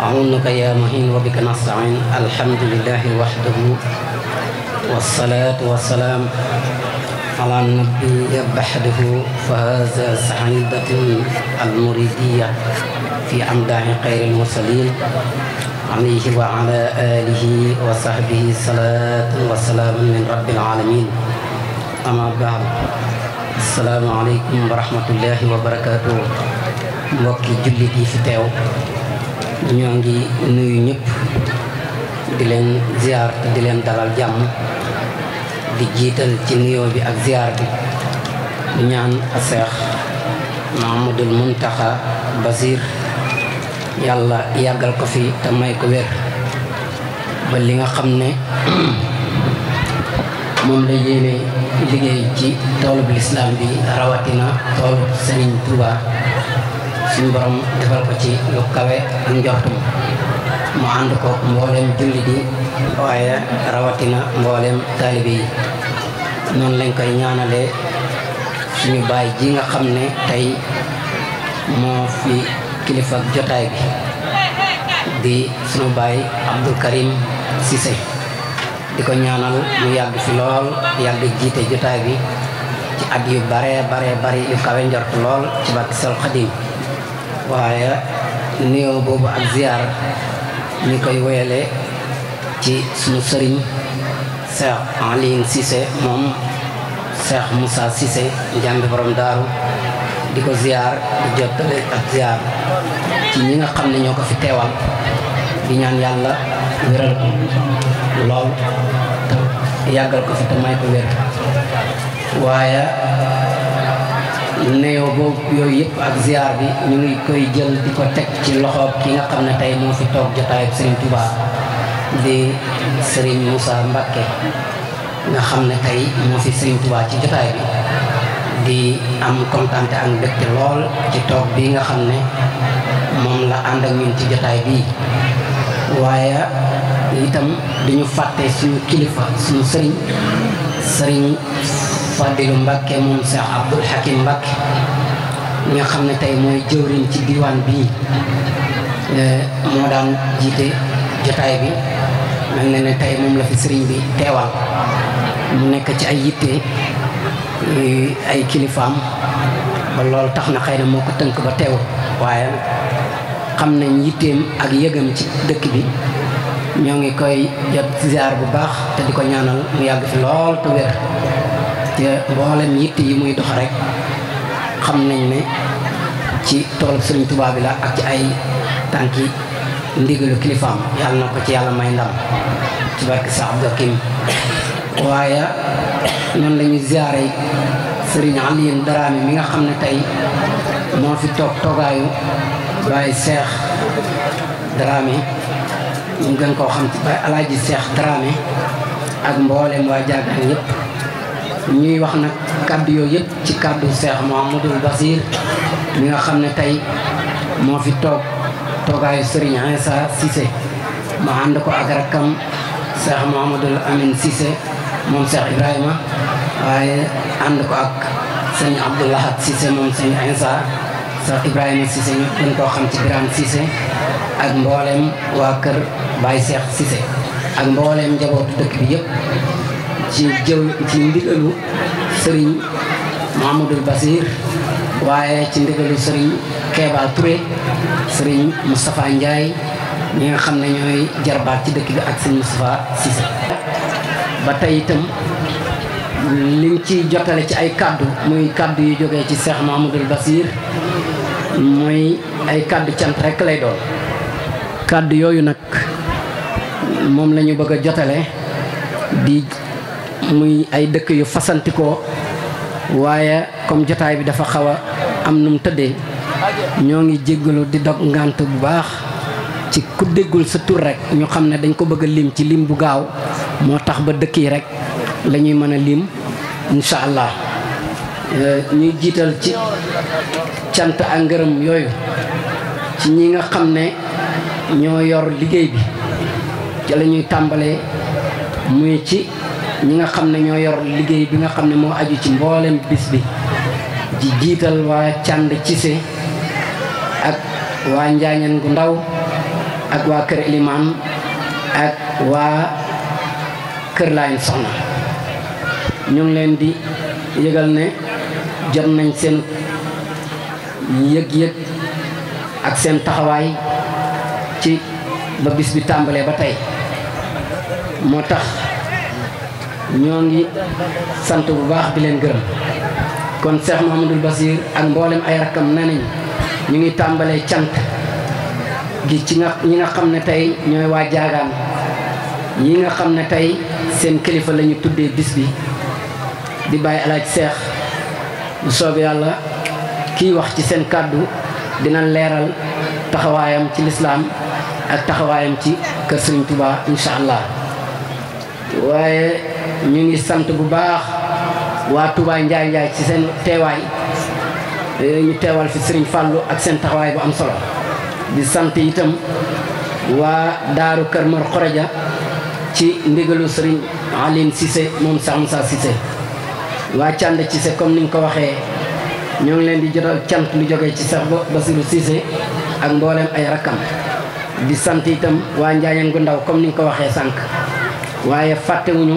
أعونك يا مهين وبك نستعين الحمد لله وحده والصلاة والسلام على النبي بحده فهذا سعيدة المريدية fi amdaahi xayril mursalin alayhi wa ala alihi wa sahbihi salaatu wa salaamun min rabbil alamin ama baad assalaamu aleykum wa rahmatullahi wa barakatuh mbokki jullit yi fi teew ñoo ngi nuyu ñëpp di leen ziar te di leen dalal jàmm di jiital ci nuyoo bi ak ziar bi ñaan a seex Mahamadul Muntaxa Basir yàlla yàggal ko fi te may ko wér ba li nga xam ne (clears throat) moom la yéene liggéey ci toolub lislaam bi rawatina toolub sëriñ Touba suñu borom defal ko ci lu kawe ak njortum mu ànd ko mbooleem jullit yi waaye rawatina mbooleem taalibe yi noonu ko koy ñaanalee suñu baay ji nga xam ne tey moo fi kilifa jotaay bi di sunu baay Abdou Karim Cissé di ko ñaanal mu yàgg fi lool yàgg jiite jotaay bi ci at yu bare bare bare yu kawe njort lool ci barke sel Xadim waaye nuyoo boobu ak ziar ñu koy woyale ci suñu sëriñ Cheikh Alioune Cissé moom Cheikh Moussa Cissé njàmbi borom daaru di ko ziar di jottale ak ziar ci ñi nga xam ne ñoo ko fi teewal di ñaan yàlla wéral ko lool yàggal ko fi te may ko wér waaye neyoo yooyu yëpp ak ziar bi ñu ngi koy jël di ko teg ci loxo ki nga xam ne tey moo fi toog jotaayu Serigne Touba di mbakke nga xam ne tey moo fi Serigne Touba ci jotaay bi di am kontaan ak mbégte lool ci toog bi nga xam ne. la ànd ak ñun ci jotaay bii waaye itam duñu fàtte suñu kilifa suñu sëriñ sëriñ Fadilu Mbàkke moom Cheikh Abdoul Hakim Mbàkke nga xam ne tey mooy jëwriñ ci diwaan bii eh, moo daan jiite jotaay bi mel tey moom bi teewal mu nekk ci ay yitte eh, ay kilifaam ba loolu tax na xëy ne moo ko tënk ba teew waaye xam nañ yitteem ak yëgam ci dëkk bi ñoo ngi koy jot ziar bu baax te di ko ñaanal mu yàgg fi lool te wér te yi muy dox rek xam nañ ni ci toolu Sëriñ tubaab bi la ak ci ay tànki ndigalu kilifaam yàlla na ko ci yàlla may ndam ci barke Seex Abdou Hakim waaye noonu la ñu ziare Sëriñ Alioune Dramé mi nga xam ne tey moo fi toog toogaayu Baye Cheikh Dramé ñu gën koo xam ci Baye Alaaji Cheikh Dramé ak mboolem waa Diagane yépp ñuy wax nag kàdd yooyu yëpp ci kàddu Cheikh Mouhamadoul Basir mi nga xam ne tey moo fi toog toogaayu Serigne Insa sise ma ànd ko ak rakkam Cheikh Mouhamadoul Amine Cissé moom Cheikh Ibrahima waaye ànd ko ak sëñ Abdoulahat Cissé moom sëñ Insa Cheikh Ibrahima Cissé ñu koo xam ci Birame Cissé ak mboolem waa kër Baye Cheikh sise ak mboolem njabootu dëkk bi yëpp ci jëw ci ndigalu sëriñ Mouhamadoul Basir waaye ci ndigalu sëriñ Kéba Touré sëriñ Moustapha Ndiaye ñi nga xam ne ñooy jarbaat ci dëkk bi ak sëriñ Moustapha Cissé ba tey itam liñ ci jotale ci ay kàddu muy kàddu yu jóge ci Cheikh Mouhamadoul Basir mooy ay kàddu cant rekk lay doon kàddu yooyu nag moom lañu ñu bëgg a jotale di muy ay dëkk yu fasantikoo waaye comme jotaay bi dafa xaw a am nu mu tëddee ñoo ngi jéggalu di dog ngant bu baax ci ku déggul sa tur rek ñu xam ne dañ ko bëgg lim ci lim bu gaaw moo tax ba dëkk yi rek la ñuy mën a lim incha allah euh, ñuy jiital ci cant ak ngërëm yooyu ci ñi nga xam ne ñoo yor liggéey bi ci la ñuy tàmbalee muy ci ñi nga xam ne ñoo yor liggéey bi nga xam ne moo aju ci mboolem bis bi di jiital waa cànd cise ak waa njaañeen gu ndaw ak waa kër ilimaan ak waa kër laayin soxna ñu ngi leen di yëgal ne jot nañ seen yëg-yëg ak seen taxawaay ci ba bis bi tàmbalee ba tey moo tax ñoo ngi sant bu baax di leen gërëm kon Cheikh Mouhamadul Basir ak mboolem ay rakkam nee ñu ngi tàmbalee cant gi ci nga ñi nga xam ne tey ñooy waa jaagaan ñi nga xam ne tey seen kilifa la tuddee bis bi di bàyyi alaaj seex bu soobee yàlla kiy wax ci seen kàddu dina leeral taxawaayam ci lislaam ak taxawaayam ci kër Sëriñ Tuubaa insha allah waaye ñu ngi sant bu baax waa Touba Njaay Njaay ci seen teewaay eh, ñu teewal fi Sëriñ Fàllu ak seen taxawaay bu am solo di sant itam waa daaru Kër Mor Xoroja ci ndigalu Sëriñ Aline Cissé moom Cheikh Moussa Cissé waa Cànd Cissé comme ni nga ko waxee ñoo ngi leen di jotal cant lu jógee ci ba Basirou siise ak mbooleem ay rakkam di sant itam waa Njaayeen gu ndaw comme ni nga ko waxee sànq waaye fàttewuñu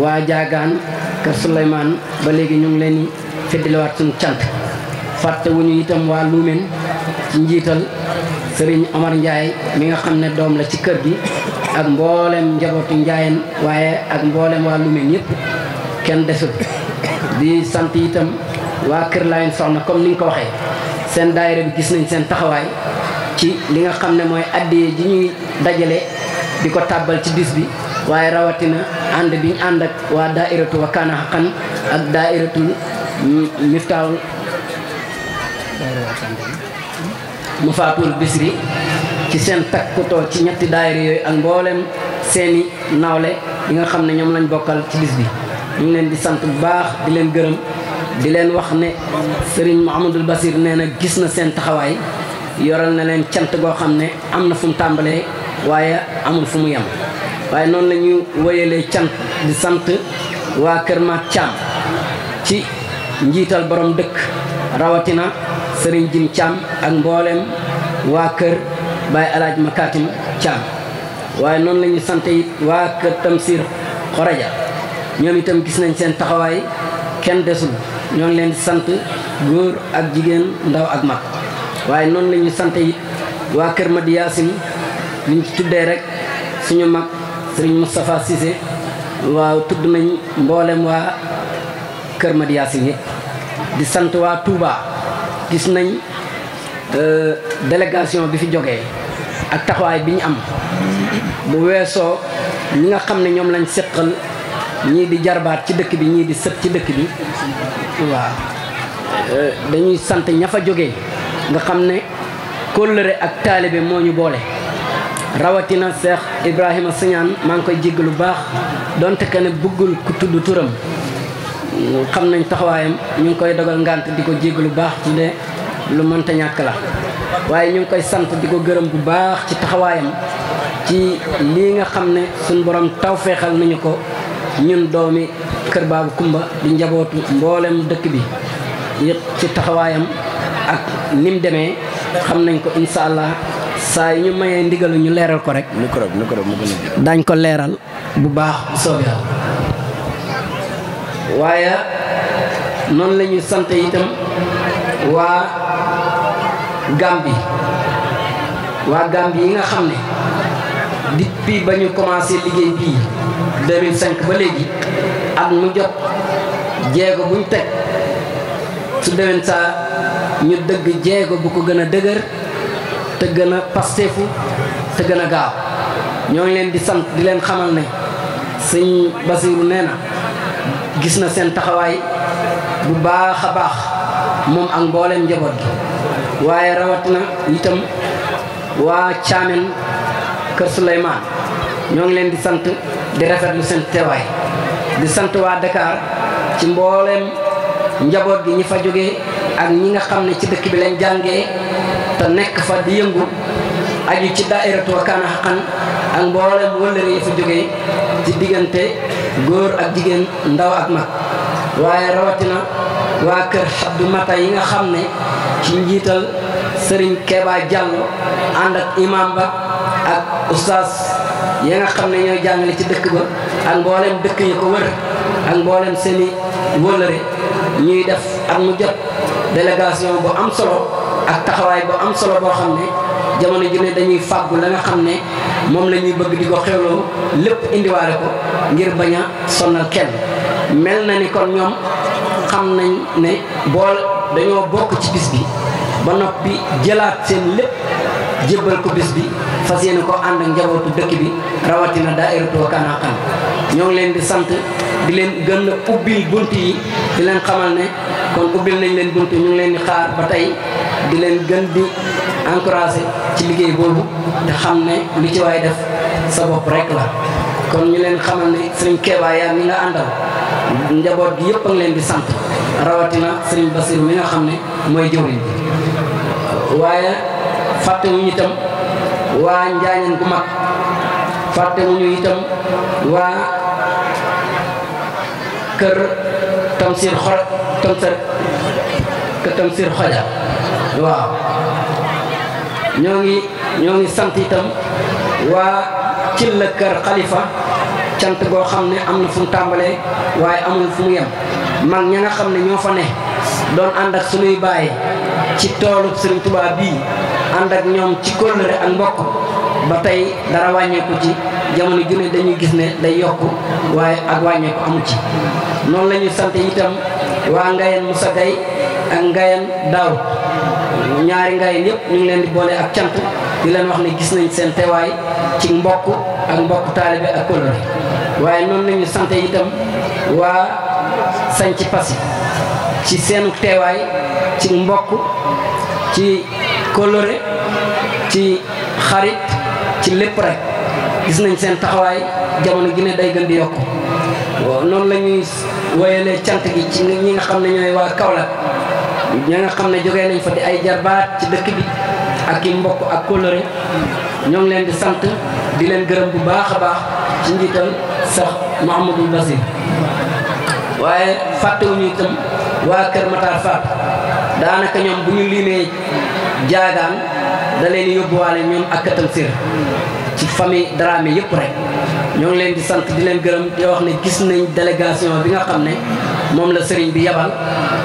waa Jaagaan kër Souleymane ba léegi ñu ngi leen di feddaliwaat suñu cant fàttewuñu itam waa Luumen ci njiital Serigne Omar Ndiaye mi nga xam ne doom la ci kër gi ak mboolem njabootu Njaayeen waaye ak mboolem waa Luumen yëpp kenn desut di sant itam waa Kër Laayeen Soxna comme ni nga ko waxee seen daayira bi gis nañ seen taxawaay ci li nga xam ne mooy addiyee ji ñuy dajale di ko tàbbal ci bis bi waaye rawatina ànd bi ñu ànd ak waa daairatu Wakana Haqqan ak daairatul Miftaahul Mafaatul Bisri ci seen takkutoo ci ñetti daayira yooyu ak mboolem seeni nawle yi nga xam ne ñoom lañ bokkal ci bis bi ñu ngi leen di sant bu baax di leen gërëm di leen wax ne sëriñ Mouhamadul Basir nee na gis na seen taxawaay yoral na leen cant goo xam ne am na fu mu tàmbalee waaye amul fu mu yem waaye noonu la ñu wéyalee cant di sant waa Kër Maak Thiam ci njiital borom dëkk rawatina sëriñ Jim Thiam ak mbooleem waa kër Baye Alaaj Makatim Thiam waaye noonu la ñu sant it waa kër Tamsir Xoraja ñoom itam gis nañ seen taxawaay kenn desul ñoo leen di sant góor ak jigéen ndaw ak mag waaye noonu la ñuy sant it waa Kër Mady Yacine liñ ci tuddee rek suñu mag Serigne Moustapha Cissé waaw tudd nañ mboolem waa Kër Mady Yacine yëpp di sant waa Touba gis nañ euh, délégation bi fi jógee ak taxawaay bi ñu am bu weesoo ñi nga xam ne ñoom lañ seqal ñii di jarbaat ci dëkk bi ñii di sët ci dëkk bi waaw euh, dañuy sant ña fa jógee nga xam ne kóllëre ak taalibe moo ñu boole rawatina Cheikh Ibrahima Siñaan maa ngi koy jégg lu baax donte que ne bëggul ku tudd turam xam nañ taxawaayam ñu ngi koy dogal ngànt di ko jégg lu baax ci de lu mënta ñàkk la waaye ñu ngi koy sant di ko gërëm bu baax ci taxawaayam ci lii nga xam ne suñ borom tawfeexal nañu ko ñun doomi kër baabu kumba di njabootu mboolem dëkk bi yëpp ci taxawaayam ak ni mu demee xam nañ ko incha allah saa yi ñu mayee ndigalu ñu leeral ko rek. micro bi micro mu dañ ko leeral bu baax bu soobee waaye noonu lañuy ñuy sant itam waa Gambie waa Gambie yi nga xam ne depuis ba ñu commencé liggéey bii. 2005 ba léegi at mu jot jéego buñ teg su déwén saa ñu dëgg jéego bu ko gën a dëgër te gën a pasteefu te gën a gaaw ñoo ngi leen di sant di leen xamal ne sëñ Basiru nee na gis na seen taxawaay bu baax a baax moom ak mbooleem njaboot gi waaye rawat na itam waa Caamen Kër Souleymane ñoo ngi leen di sant di rafetlu seen teewaay di sant waa Dakar ci mbooleem njaboot gi ñi fa jóge ak ñi nga xam ne ci dëkk bi lañ jàngee te nekk fa di yëngu aju ci daairatu Wakana Haqqan ak mbooleem wëllëre yi fa jóge ci diggante góor ak jigéen ndaw ak mag waaye rawatina waa kër Abdou Mata yi nga xam ne ci njiital Serigne Keba Diallo ànd ak imam ba ak oustaz ya nga xam ne ñooy jàngale ci dëkk ba ak mboolem dëkk yi ko wër ak mboolem seeni wëllëre ñuy def ak mu jot délégation bu am solo ak taxawaay bu am solo boo xam ne jamono ju ne dañuy fàggu la nga xam ne moom lañuy bëgg di ko xewloo lépp indiwaale ko ngir bañ a sonal kenn mel na ni kon ñoom xam nañ ne bool dañoo bokk ci bis bi ba noppi jëlaat seen lépp jébbal ko bis bi fas yéene ko ànd ak njabootu dëkk bi rawatina daayiratu Wakana Haqqan ñoo ngi leen di sant di leen gën a ubbil bunt yi di leen xamal ne kon ubbil nañ leen bunt ñu ngi leen di xaar ba tey di leen gën di encouragé ci liggéey boobu te xam ne lu ci waay def sa bopp rek la kon ñu leen xamal ne sëriñ Keeba yaa la nga àndal njaboot gi yëpp a leen di sant rawatina sëriñ Basiru mi nga xam ne mooy jëwriñ waaye fàtte itam waa njaañeen gu mag fàtte wu ñu itam waa kër tamsir xoja waaw ñoo ngi ñoo ngi sant itam waa la kër xalifa cant goo xam ne am na fu mu tàmbalee waaye amul fu mu yem mag ña nga xam ne ñoo fa ne doon ànd ak sunuy bàyyi ci toolu Sëriñ Tuubaa bii ànd ak ñoom ci kóllëre ak mbokk ba tey dara wàññeeku ci jamono ju ne dañuy gis ne day yokk waaye ak wàññeeku amu ci noonu la ñuy sant itam waa Ngayen Moussa Gaye ak Ngayen Daaw ñaari Ngayen yëpp ñu leen di boole ak cant di leen wax ne gis nañ seen teewaay ci mbokk ak mbokk taalibe ak kóllëre waaye noonu la ñuy sant itam waa sañc pasi ci seenu teewaay ci mbokk ci kóllëre ci xarit ci lépp rek gis nañ seen taxawaay jamono gi ne day gën di yokk noonu la ñuy woyalee cant gi ci ñi nga xam ne ñooy waa Kaolack ña nga xam ne jógee nañ fa di ay jarbaat ci dëkk bi ak i mbokk ak kóllëre ñoo ngi leen di sant di leen gërëm bu baax a baax ci njiital sax Mouhamadou Basir waaye fàttewuñu itam waa Kër Matar Faat daanaka ñoom bu ñu limee jaagaan da leen yóbbuwaale ñoom ak katam ci famille Dramé yëpp rek ñoo ngi leen di sant di leen gërëm di wax ne gis nañ délégation bi nga xam ne moom la sëriñ bi yabal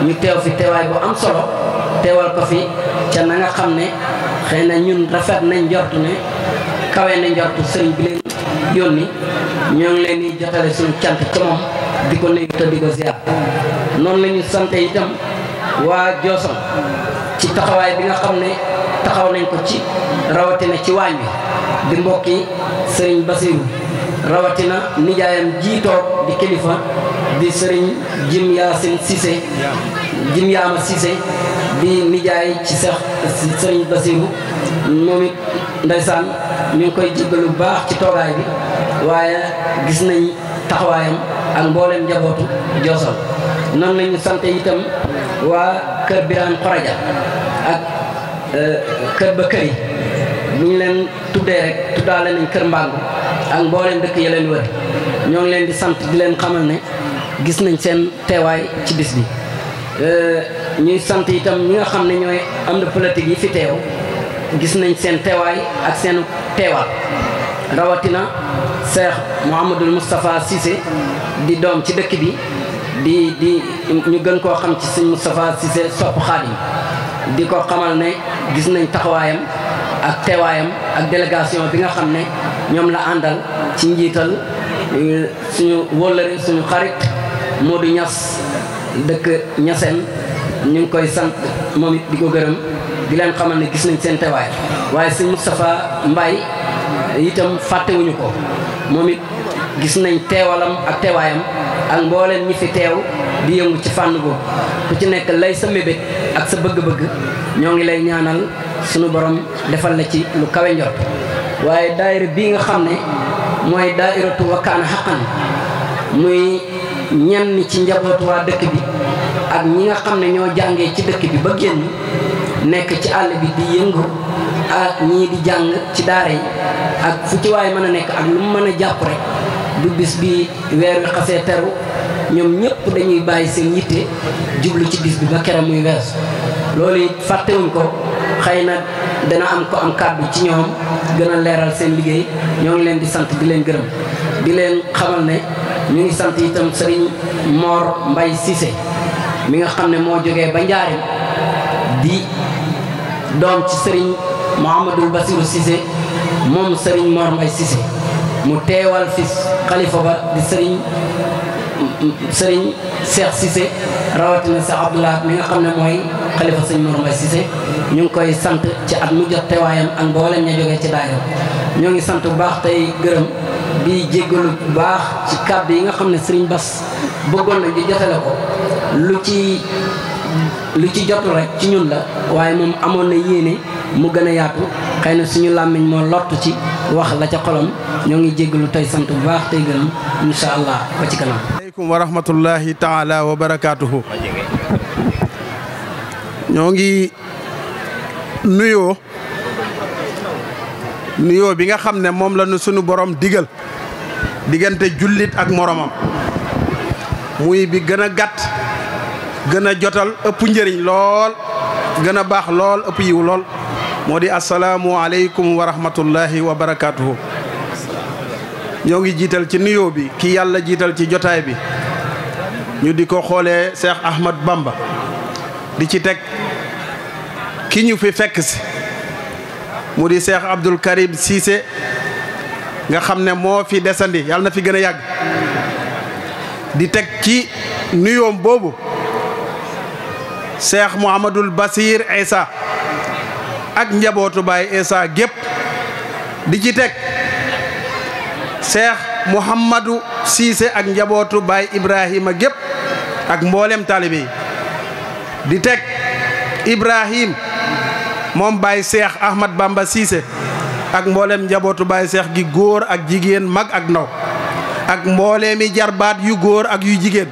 ñu teew fi teewaay bu am solo teewal ko fi ca na nga xam ne xëy na ñun rafet nañ njortu ne kawe na njortu sëriñ bi leen yónni ñoo ngi leen di jotale suñu cant ca moom di ko nuyu te di ko noonu la ñu sante itam waa Jooson ci taxawaay bi nga xam ne taxaw lañ ko ci rawatina ci waañ bi di mbokki sëriñ Basiru rawatina nijaayam jiitoog di kilifa di sëriñ Jim Yaasin Cissé Jim Yaama Cissé di nijaay ci seex sëriñ Basiru moom it ndeysaan mi ngi koy jéggalu bu baax ci toogaay bi waaye gis nañ taxawaayam ak mbooleem njabootu Jooson noonu la ñu sant itam waa kër Birane Khoraja ak euh, kër ba kër yi bu ñu leen tuddee rek tuddaale nañ kër Mbangu ak mbooleem dëkk ya leen wër ñoo ngi leen di sant di leen xamal ne gis nañ seen teewaay ci bis bi. Euh, ñuy sant itam ñi nga xam ne ñooy am na politique yi fi teew gis nañ seen teewaay ak seen teewaal rawatina Cheikh Mouhamadul Moustapha Cissé di doom ci dëkk bi. di di ñu gën koo xam ci sëñ Moustapha Cissé sopp Xaadim di ko xamal ne gis nañ taxawaayam ak teewaayam ak délégation bi nga xam ne ñoom la àndal ci njiital euh, suñu wóllëre suñu xarit moo du ñas dëkk ñaseen ñu ngi koy sant moom it di ko gërëm di leen xamal ne gis nañ seen teewaay waaye sëñ Moustapha mbay itam fàttewuñu ko moom it gis nañ teewalam ak teewaayam ak mbooleen ñi fi teew di yëngu ci fànn ko ku ci nekk lay sa mébét ak sa bëgg-bëgg ñoo ngi lay ñaanal sunu boroom defal la ci lu kawe njort waaye daayira bii nga xam ne mooy daairatu wakkaana xaqan muy ñenn ci njabootu waa dëkk bi ak ñi nga xam ne ñoo jàngee ci dëkk bi ba génn nekk ci àll bi di yëngu ak ñii di jàng ci daara yi ak fu ci waay mën a nekk ak lu mu mën a jàpp rek bu bis bi weer wi xasee teru ñoom ñëpp dañuy bàyyi seen yitte jublu ci bis bi ba keroog muy weesu loolu it fàttewuñ ko xëy na dana am ko am kàddu ci ñoom gën a leeral seen liggéey ñoo ngi leen di sant di leen gërëm di leen xamal ne ñu ngi sant itam sëriñ Mor mbay Cissé mi nga xam ne moo jógee ba Njaareem di doom ci sëriñ Mouhamadou Bassirou Cissé moom sëriñ Mor Mbaye Cissé mu teewal fi xalifa ba di sëriñ sëriñ Cheikh Cissé rawatina Cheikh Abdoulaye mi nga xam ne mooy xalifa sëñ Mor Mbaye Cissé ñu ngi koy sant ci at mu jot teewaayam ak mboolem ña jógee ci daayira ñoo ngi sant bu baax tey gërëm di jéggalu bu baax ci kàddu yi nga xam ne sëriñ Bas bëggoon nañ di jotale ko lu ci lu ci jotul rek ci ñun la waaye moom amoon na yéene mu gën a yaatu xëy na suñu làmmiñ moo lottu ci wax la ca xolom ñoo ngi jéggalu tey sant bu baax tey gërëm incha allah ba ci kanam aleykum wa rahmatullahi taala wa barakaatuhu ñoo ngi nuyoo nuyoo bi nga xam ne moom la nu sunu borom digal diggante jullit ak moromam muy bi gën a gàtt gën a jotal ëpp njëriñ lool gën a baax lool ëpp yiw lool moo di asalaamu aleykum wa rahmatullahi wa barakaatuhu ñoo ngi jiital ci nuyoo bi ki yàlla jiital ci jotaay bi ñu di ko xoolee Cheikh Ahmad bàmba di ci teg ki ñu fi fekk si mu di Cheikh Abdoul Karim Cissé nga xam ne moo fi desandi yàlla na fi gën a yàgg di teg ci nuyoom boobu Cheikh Mouhamadul Basir Issa ak njabootu Baay Issa gépp di ci teg Cheikh Mouhamadou Cissé ak njabootu Baay Ibrahima gépp ak mbooleem taalibe yi di teg Ibrahim moom Baay Cheikh Ahmad Bamba Cissé ak mboolem njabootu Baay seex gi góor ak jigéen mag ak ndaw ak mbooleemi jarbaat yu góor ak yu jigéen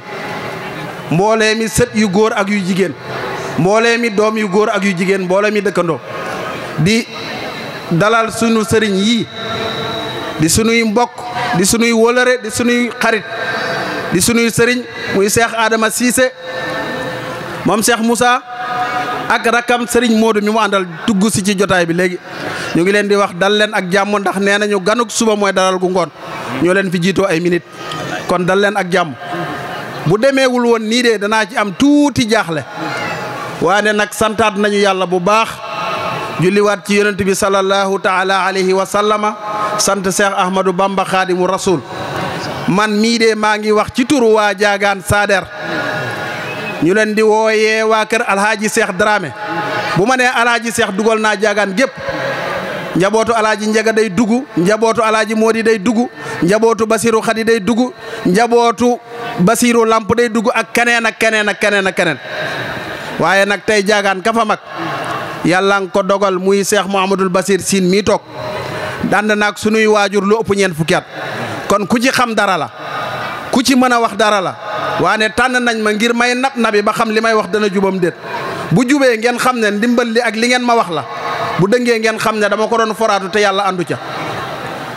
mbooleemi sët yu góor ak yu jigéen mbooleemi doom yu góor ak yu jigéen mbooleemi dëkkandoo di dalal sunu sëriñ yi di sunuy mbokk di sunuy wolëre di sunuy xarit di sunuy sëriñ muy seex Adama siise moom seex Moussa ak rakkam sëriñ Modou mi mu àndal dugg si ci jotaay bi léegi ñu ngi leen di wax dal leen ak jàmm ndax nee nañu ganuk suba mooy dalal gu ngoon ñoo leen fi jiitoo ay minit kon dal leen ak jàmm bu demeewul woon nii de danaa ci am tuuti jaaxle waane nag santaat nañu yàlla bu baax julliwaat ci yonent bi sallallahu taala alayhi wa sallama sant Cheikh Ahmadou Bamba xaadimu rasul man mii de maa ngi wax ci turu waa jaagaan Sader ñu leen di wooyee waa kër alhaaji seex Dramé bu mane nee alhaaji Cheikh dugal naa jaagaan gépp njabootu alaaji Njaga day dugg njabootu alaaji Moodi day dugg njabootu Basiru Xadi day dugg njabootu Basiru Lamp day dugg ak keneen keneen keneen ak waaye nag tey jaagaan ka fa yàlla nga ko dogal muy seex Muhammadul Basir siin mii toog dand naag sunuy waajur lu ëpp ñeent fukki at kon ku ci xam dara la ku ci mën a wax dara la waane tànn nañ ma ngir may nab nabi ba xam li may wax dana jubam déet bu jubee ngeen xam ne ndimbal li ak li ngeen ma wax la bu dëngee ngeen xam ne dama ko doon foraatu te yàlla àndu ca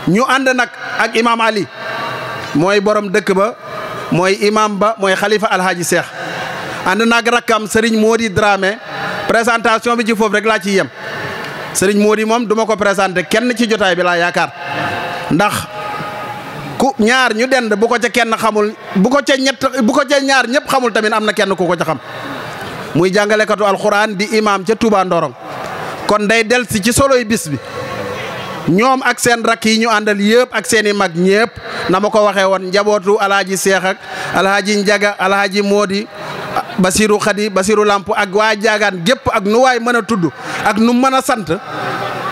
ñu ànd nag ak imaam Ali mooy borom dëkk ba mooy imaam ba mooy xalifa alhaaji seex ànd naag rakkam sëriñ Modi Dramé présentation bi ci foofu rek laa ciy yem sëriñ Mody moom duma ko présenté kenn ci jotaay bi laa yaakaar ndax ku ñaar ñu dend bu ko ca kenn xamul bu ko ca ñett bu ko ca ñaar ñëpp xamul tamit am na kenn ku ko ca xam muy jàngale jàngalekatu alxuraan di imaam ca Touba kon day del si ci soloy bis bi ñoom ak seen rakk yi ñu àndal yëpp ak seeni mag ñëpp na ma ko waxee woon njabootu alhaaji seex ak alhaaji njaga alhaaji moodi Basiru Xadi Basiru Lamp ak waa jaagaan gépp ak nu waay mën a tudd ak nu mën a sant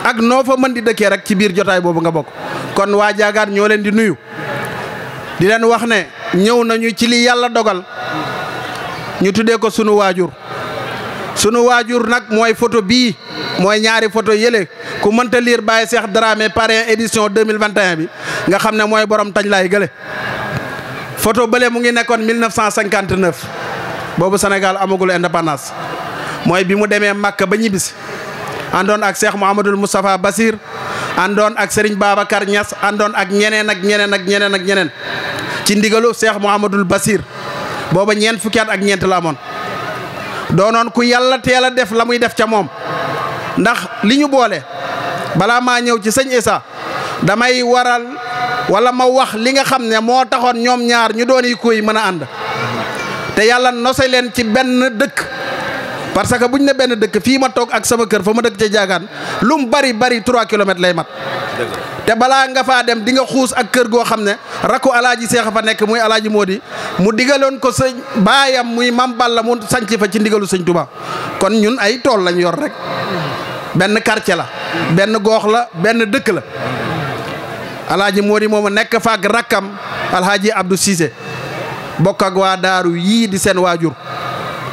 ak noo fa mën di dëkkee rek ci biir jotaay boobu nga bokk kon waa jaagaan ñoo leen di nuyu di leen wax ne ñëw nañu ci li yàlla dogal ñu tuddee ko sunu waajur sunu waajur nag mooy photo bii mooy ñaari photo yële ku mënta liir Baye Cheikh Dramé parrain édition 2021 bi nga xam ne mooy borom tañ laay gële photo bële mu ngi nekkoon 1959 boobu Sénégal amagul indépendance mooy bi mu demee Makka ba ñibbis àndoon ak Cheikh Mouhamadul Moustapha Basir àndoon ak Serigne Babacar Niass àndoon ak ñeneen ak ñeneen ak ñeneen ak ñeneen ci ndigalu Cheikh Mouhamadul Basir booba ñeent fukki at ak ñeent la amoon doonoon ku yàlla teel a def la muy def ca moom ndax li ñu boole balaa maa ñëw ci sëñ Issa damay waral wala ma wax li nga xam ne moo taxoon ñoom ñaar ñu doon yi mën a ànd te yàlla nose leen ci benn dëkk parce que bu ne benn dëkk fii ma toog ak sama kër fa ma dëkk cee jaagaan lu mu bari bari 3 kilomètres lay mat. te balaa nga faa dem di nga xuus ak kër goo xam ne rakku alaaji seex a fa nekk muy alaaji moo di mu digaloon ko sëñ baayam muy mam Balla mu sanc fa ci ndigalu sëñ Tuubaa kon ñun ay tool lañ yor rek benn quartier la benn goox la benn dëkk la alaaji moo di nekk fa ak rakkam alhaaji Abdou Cissé bokk ak waa daaru yii di seen waajur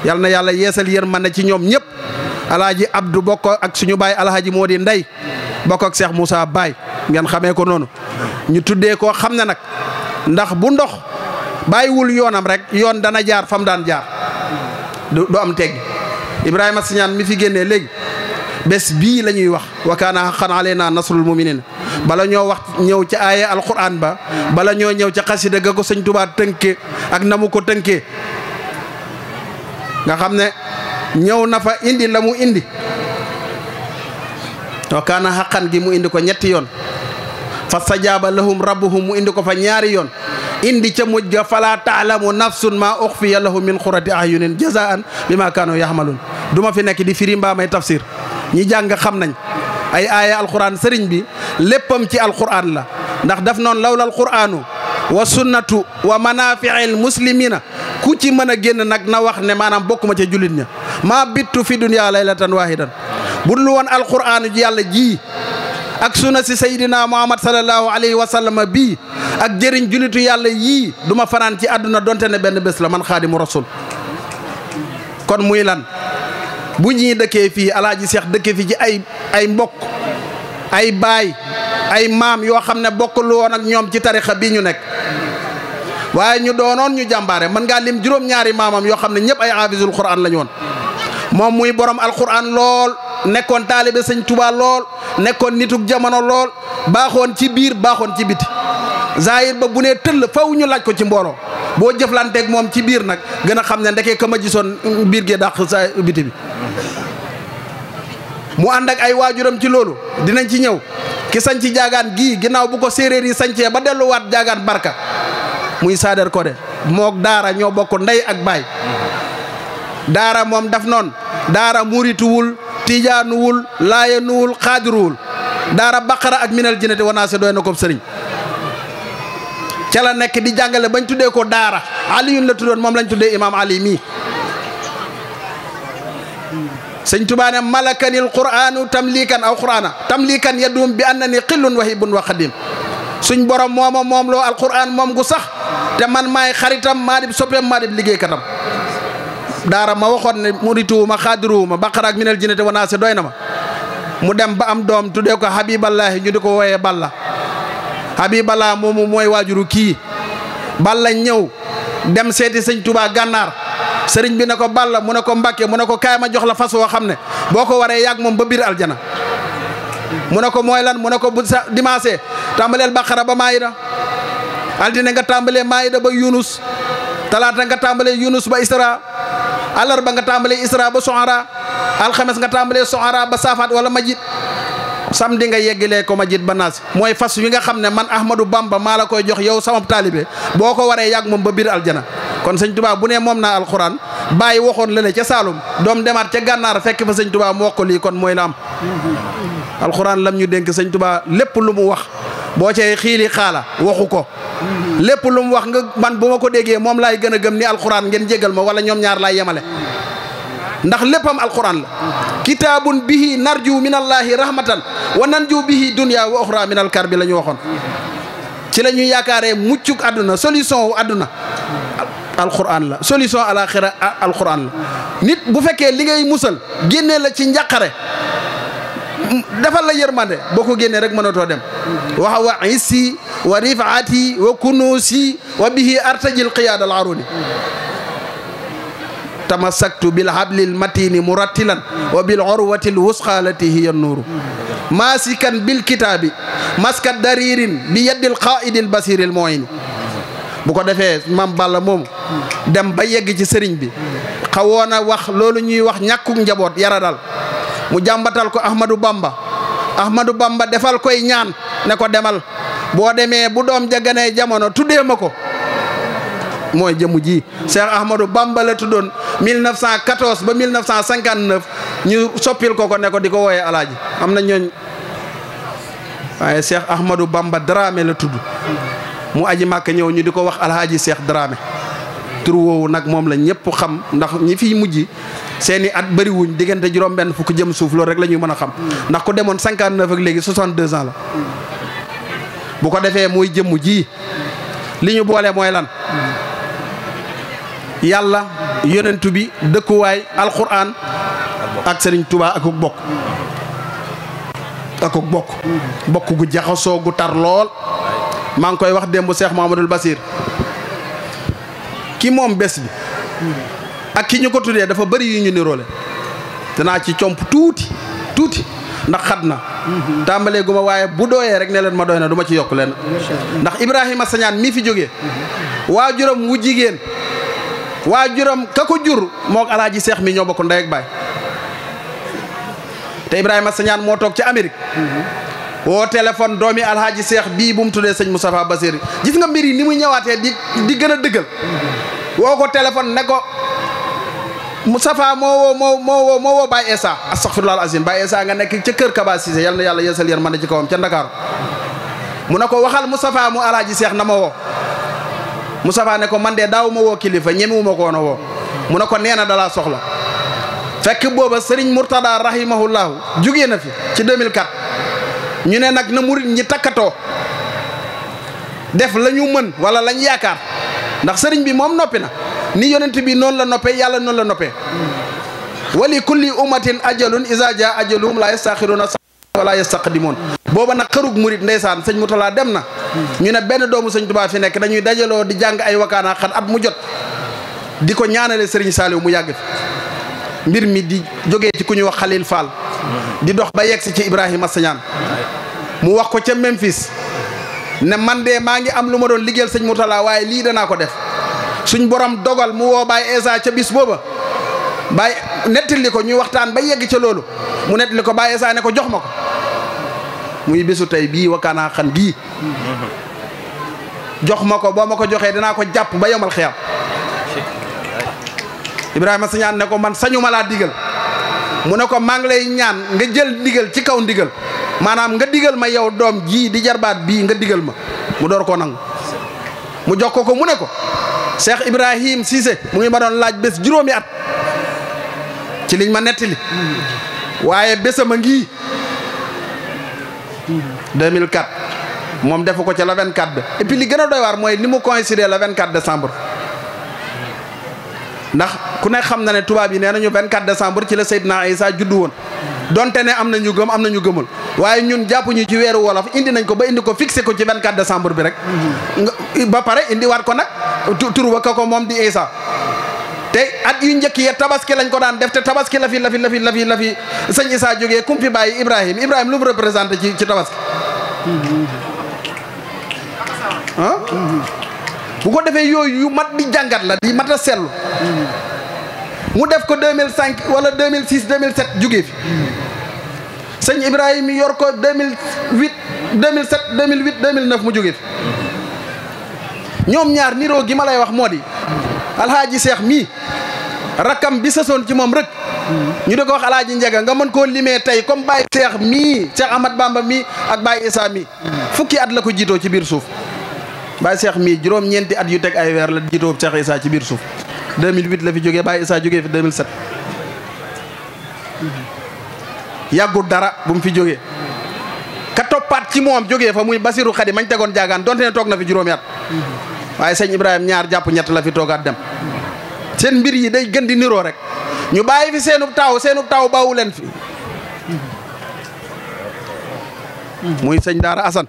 yal na yàlla yeesal yërmande ci ñoom ñëpp alaaji abdu bokk ak suñu baay alaaji moo di ndey bokk ak seex Moussa baay ngeen xamee ko noonu ñu tuddee koo xam ne nag ndax bu ndox bàyyiwul yoonam rek yoon dana jaar fam daan jaar du am tegg Ibrahima Siñaan mi fi génnee léegi bés bii la ñuy wax wa kaana haqqan alaynaa nasrul muminin bala ñoo wax ñëw ca aaya alquran ba bala ñoo ñëw ca xasida ga ko sëñ Tuubaa tënke ak na mu ko tënkee nga xam ne ñëw na fa indi la mu indi wa kaana haqqan gi mu indi ko ñetti yoon fa stajaaba lahum rabbuhum mu indi ko fa ñaari yoon indi ca mujj ga falaa taalamu nafsun maa uxfiya lahum min qurrati ahyunin jazaan bi maa kaanu yaxmaluun duma fi nekk di firi may tafsir ñi jàng xam nañ ay aaya alxuraan sëriñ bi léppam ci alxuraan la ndax daf noonu lawla alquranu wa sunnatu wa manaafiil muslimina ku ci mën a génn nag na wax ne maanaam bokkuma ca jullit ña maa bittu fi dunya laylatan wahidan bu dul woon alquranu ji yàlla ji ak sunna si saydina muhammad sallallahu alayhi wa sallam bii ak jëriñ jullitu yàlla yii duma fanaan ci àdduna doonte ne benn bés la man xaadimu rasul kon muy lan bu ñuy dëkkee fii alaaji seex dëkkee fii ci ay ay mbokk ay baay ay maam yoo xam ne bokkul woon ak ñoom ci tarixa bii ñu nekk waaye ñu doonoon ñu jàmbaare mën ngaa lim juróom-ñaari maamam yoo xam ne ñëpp ay aafisul quran la ñu woon moom muy borom alxuraan lool nekkoon taalibe sëñ Tuubaa lool nekkoon nituk jamono lool baaxoon ci biir baaxoon ci biti zahir ba bu nee tëll faw ñu laaj ko ci mbooloo boo jëflanteeg moom ci biir nag gën a xam ne ndekee ka ma gisoon mm, biir gee dàq mu ànd ay waajuram ci loolu dinañ ci ñëw ki sañ ci jaagaan gii ginnaaw bu ko séeréer yi sañcee ba delluwaat jaagaan barka muy Sader Codé mook daara ñoo bokk ndey ak baay daara moom daf noon daara muurituwul tiijaanuwul laayanuwul xaadiruwul daara baqara ak minal jinati wanaase doy na ko sëriñ ca nekk di jàngale bañ tuddee ko daara aliyun la tuddoon moom lañ tuddee imaam ali mii sëñ tubaa ne malakanil quranu tamlikan aw qurana ya yadum bi an annani xillun wahibun wa xadim suñ borom mooma moom loo alquran moom gu sax te man maay xaritam maa dib soppeem maa dib liggéeykatam daara ma waxoon ne murituwuma xaadiruwuma baqaraak minal jinnati wa naasi doy na ma mu dem ba am doom tuddee ko habiballahi ñu di ko woyee balla habiballah moomu mooy waajuru kii balla ñëw dem seeti sëñ tuba gànnaar sëriñ bi ne ko Balla mu ne ko Mbàkke mu ne ko kaay ma jox la fas woo xam ne boo ko waree yàgg moom ba biir aljana mu ne ko mooy lan mu ne ko bu sa dimanche tàmbaleel Baqara ba Maayida altine nga tàmbalee Maayida ba Yunus talaata nga tàmbalee Yunus ba Isra àllarba nga tàmbalee Isra ba Soxara alxames nga tàmbalee Soxara ba Saafaat wala Majid samedi nga yeggalee ko Majid ba Naas mooy fas wi nga xam ne man Ahmadou Bamba maa la koy jox yow sama taalibe boo ko waree yàgg moom ba biir aljana kon sëñ tubaa bu nee moom naa alxuraan bàyyi waxoon la ne ca saalum doom demaat ca gànnaar fekk fa sëñ tubaa mu wax ko lii kon mooy la am alxuraan lam ñu dénk sëñ tubaa lépp lu mu wax boo cay xiili xaala waxu ko lépp lu mu wax nga man bu ma ko déggee moom laay gën a gëm ni alxuraan ngeen jégal ma wala ñoom ñaar laay yemale ndax léppam alxuraan la kitaabun bihi narju minallaahi rahmatan wa nanju bihi dunya wa oxra minal kar bi la ñu waxoon ci la ñuy yaakaaree muccuk àdduna solution wu àdduna alxuraan la solution alaaxira alxuraan la nit bu fekkee li ngay musal génnee la ci njàqare defal la yërmande boo ko génnee rek mënatoo dem waxa wa issi wa rifaati wa kunuusi wa bihi artajil qiyaada al aruni tamassaktu bil hablil matini murattilan wa bil urwati al wusqa lati nuuru maasikan bil kitaabi maska daririn bi yaddil qaa'idil basiril mu'ini bu ko defee maam Balla moomu dem ba yegg ci sëriñ bi xawoon na wax loolu ñuy wax ñàkkuk njaboot yara dal mu jàmbatal ko Ahmadou Bamba Ahmadou Bamba defal koy ñaan ne ko demal boo demee bu doom jaganee jamono tuddee ma ko mooy jëmu ji Cheikh Ahmadou Bamba la tuddoon 1914 ba 1959 ñu soppil ko ko ne ko di ko wooyee alaaji am na ñooñ waaye Cheikh Ahmadou Bamba Dramé la tudd mu aji màkk ñëw ñu di ko wax alhaaji seex Dramé tur woowu nag moom la ñëpp xam ndax ñi fiy mujj seeni at bariwuñ diggante juróom-benn fukk jëm suuf loolu rek la ñuy mën a xam ndax ku demoon cinquante neuf ak léegi soixante deux ans la bu ko defee muy jëmm ji li ñu boole mooy lan yàlla yonentu bi dëkkuwaay alxuraan ak sëriñ tubaa ak bokk ak bokk bokk gu jaxasoo gu tar lool maa ngi koy wax démb Cheikh dul basiir ki moom bés bi ak ki ñu ko tuddee dafa bëri yu ñu niroole danaa ci comp tuuti tuuti ndax xat na tàmbalee ma waaye bu dooyee rek ne leen ma doy na du ci yokk leen ndax Ibrahima Sañaan mii fi jóge waa juróom wu jigéen waa juróom ka ko jur moog alaaji seex mi ñoo bokk ndey ak baay te Ibrahima Sañaan moo toog ci Amérique woo téléphone doomi alhaaji seex bii bu mu tuddee sëñ Moustapha Basir gis nga mbir yi ni muy ñëwaatee di di gën a dëggal woo ko téléphone ne ko Moustapha moo woo moo moo woo moo woo Baye Essa astaghfirullah al nga nekk ca kër Kaba Cissé yal na yàlla yeesal yar na ci kawam ca Ndakaaru mu ne ko waxal Moustapha mu alhaaji seex na ma woo Moustapha ko man de daaw woo kilifa ñemewu ko a woo mu ne ko nee na dalaa soxla fekk booba Serigne Mourtada rahimahullahu jugee na fi ci 2004 ñu ne nag na murit ñi takkatoo def lañu mën wala lañ yaakaar ndax sëriñ bi moom noppi na ni yonent bi noonu la noppee yàlla noonu la noppee wali kulli ummatin ajalun isa jaa ajaluhum la yastaxiruna wala yastaqdimoon booba nag xërug murit ndeysaan sëñ Mutala dem na ñu ne benn doomu sëñ Tuubaa fi nekk dañuy dajaloo di jàng ay wakaanaa xat at mu jot di ko ñaanale sëriñ Saaliw mu yàgg fi mbir mi di jógee ci ku ñuy wax Khalil Fall di dox ba yegg si ci Ibrahima Sagnane mu wax ko ca Memphis ne man de maa ngi am lu ma doon liggéeyal sëñ Mourtala waaye lii danaa ko def suñ borom dogal mu woo Baye Esa ca bis booba Baye nettali ko ñuy waxtaan ba yegg ca loolu mu nettali ko Baye Esa ne ko jox ma ko muy bisu tey bii wakaanaa xan bii jox ma ko boo ma ko joxee danaa ko jàpp ba yomal xiyam Ibrahima Sañaan ne ko man sañu ma laa digal mu ne ko maa ngi lay ñaan nga jël ndigal ci kaw ndigal maanaam nga digal ma yow doom jii di jarbaat bii nga digal ma mu door ko nangu mu jox ko ko mu ne ko Cheikh Ibrahim Cissé mu ngi ma doon laaj bés juróomi at ci liñ ma nettali waaye bésama ngi 2004 moom defu ko ca la 24 de et puis li gën a doy waar mooy li mu coïncider la 24 décembre. ndax ku ne xam na ne tubaab yi nee nañu 24 décembre ci la Seydina Isa juddu woon donte ne am na ñu gëm am na ñu gëmul waaye ñun jàppuñu ci weeru wolof indi nañ ko ba indi ko fixé ko ci 24 décembre bi rek. ba pare indi waat ko nag tur ba ko moom di Isa te at yu njëkk ye tabaski lañ ko daan def te tabaski la fi la fi la fi la fi la fi sëñ Isa jógee kum fi bàyyi Ibrahima Ibrahima lu mu représenté ci ci tabaski. ah. bu ko defee yooyu yu mat di jàngat la di mat a seetlu mu def ko 2005 wala 2006 2007 jugee fi sëñ Ibrahima yor ko 2008 2007 2008 2009 mu jugee fi ñoom ñaar niroo gi ma lay wax moo di alxaaji seex mii rakkam bi sësoon ci moom rek ñu di ko wax alaaji njega nga mën koo limee tey comme Baye seex mii Seex Ahmad Bamba mii ak Baye Issa mii fukki at la ko jiitoo ci biir suuf Baye Cheikh mii juróom-ñeenti at yu teg ay weer la jiitoob Cheikh Issa ci biir suuf 2008 la fi jóge Baye Issa jógee fi 2007 yàggul dara bu mu fi jóge ka toppaat ci moom jógee fa muy Basiru Xadi mañ tegoon jaagaan donte ne toog na fi juróomi at waaye sëñ Ibrahima ñaar jàpp ñett la fi toogaat dem seen mbir yi day gën di niroo rek ñu bàyyi fi seenub taaw seenub taaw baawu leen fi muy sëñ Daara Assane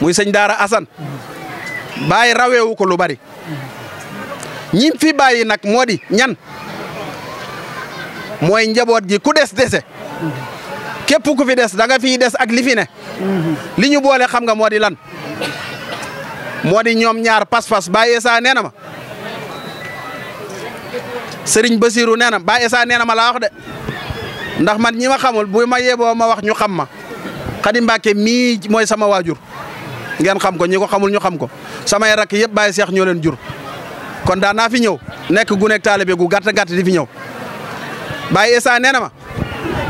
muy sëñ Daara Assane bàyyi rawewu ko lu bari ñim fi bàyyi nag moo di ñan mooy njaboot gi ku des dese képp ku fi des danga nga fiy des ak li fi ne li ñu boole xam nga moo di lan moo di ñoom ñaar pas-pas Baye Issa nee na ma Serigne Basirou nee na Baye Issa nee na ma laa wax de ndax man ñi ma xamul bu ma yeboo ma wax ñu xam ma Xadim Mbàkke mii mooy sama waajur ngeen xam ko ñi ko xamul ñu xam ko samay rakk yëpp baay seex ñoo leen jur kon daan naa fi ñëw nekk gu nekk taalibe gu gàtt gàtt di fi ñëw bàyyi Issa nee na ma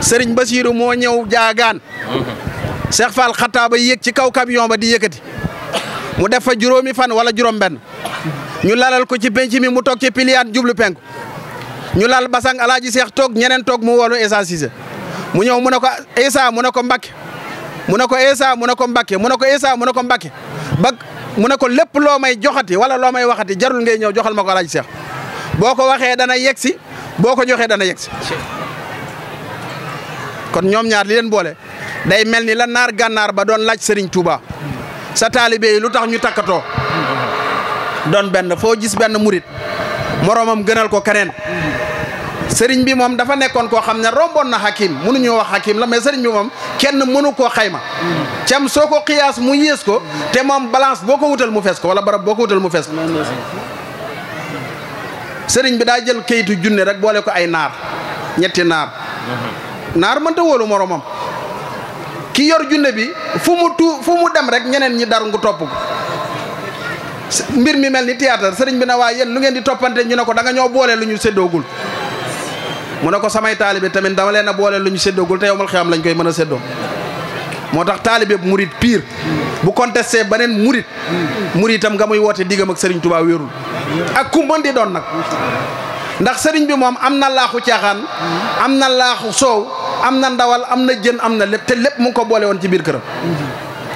Serigne Basiirou moo ñëw jaagaan Cheikh Fall xataa ba yéeg ci kaw camion ba di yëkkati mu def fa juróomi fan wala juróom-benn ñu lalal ko ci penc mi mu toog ci piliyaan jublu penku ñu lal basang alaaji Seex toog ñeneen toog mu woolu Issa Cissé mu ñëw mun ne ko Issa mu ne ko Mbacke mu ne ko Esa mu ne ko Mbakke mu ne ko Esa mu ko Mbakke ba mu ne ko lépp loo may joxati wala loo may waxati jarul ngay ñëw joxal ma ko Alaaji Seex boo ko waxee dana yegg si boo ko joxee dana yegg si kon ñoom ñaar li leen boole day mel ni la naar gànnaar ba doon laaj Serigne tuuba sa taalibe lu tax ñu takkatoo doon benn foo gis benn murit moroomam gënal ko keneen. sëriñ bi moom dafa nekkoon koo xam ne romboon na hakim mënuñu wax hakim la mais sëriñ bi moom kenn mënu koo xayma cam soo ko xiyaas mu yées ko te moom balance boo ko wutal mu fees ko wala barab boo ko wutal mu fes ko sëriñ bi daa jël kayitu junne rek boole ko ay naar ñetti naar naar mënta wóolu moromam kii yor junne bi fu mu tu fu mu dem rek ñeneen ñi dar ngu topp ko mbir mi mel ni théâtre sëriñ bi na waa yéen lu ngeen di toppante ñu ne ko da nga ñoo lu ñu séddoogul mu ne ko samay taalibe tamit dama leen a boole lu ñu séddoogul te yow mal xiyaam lañ koy mën a séddoo moo tax taalibe murit piir bu contesté beneen murit muritam nga muy woote diggam ak Serigne Touba wéerul ak ku mën doon nag ndax sëriñ bi moom am na laaxu caaxaan am na laaxu soow am na ndawal am na jën am na lépp te lépp mu ko boole woon ci biir këram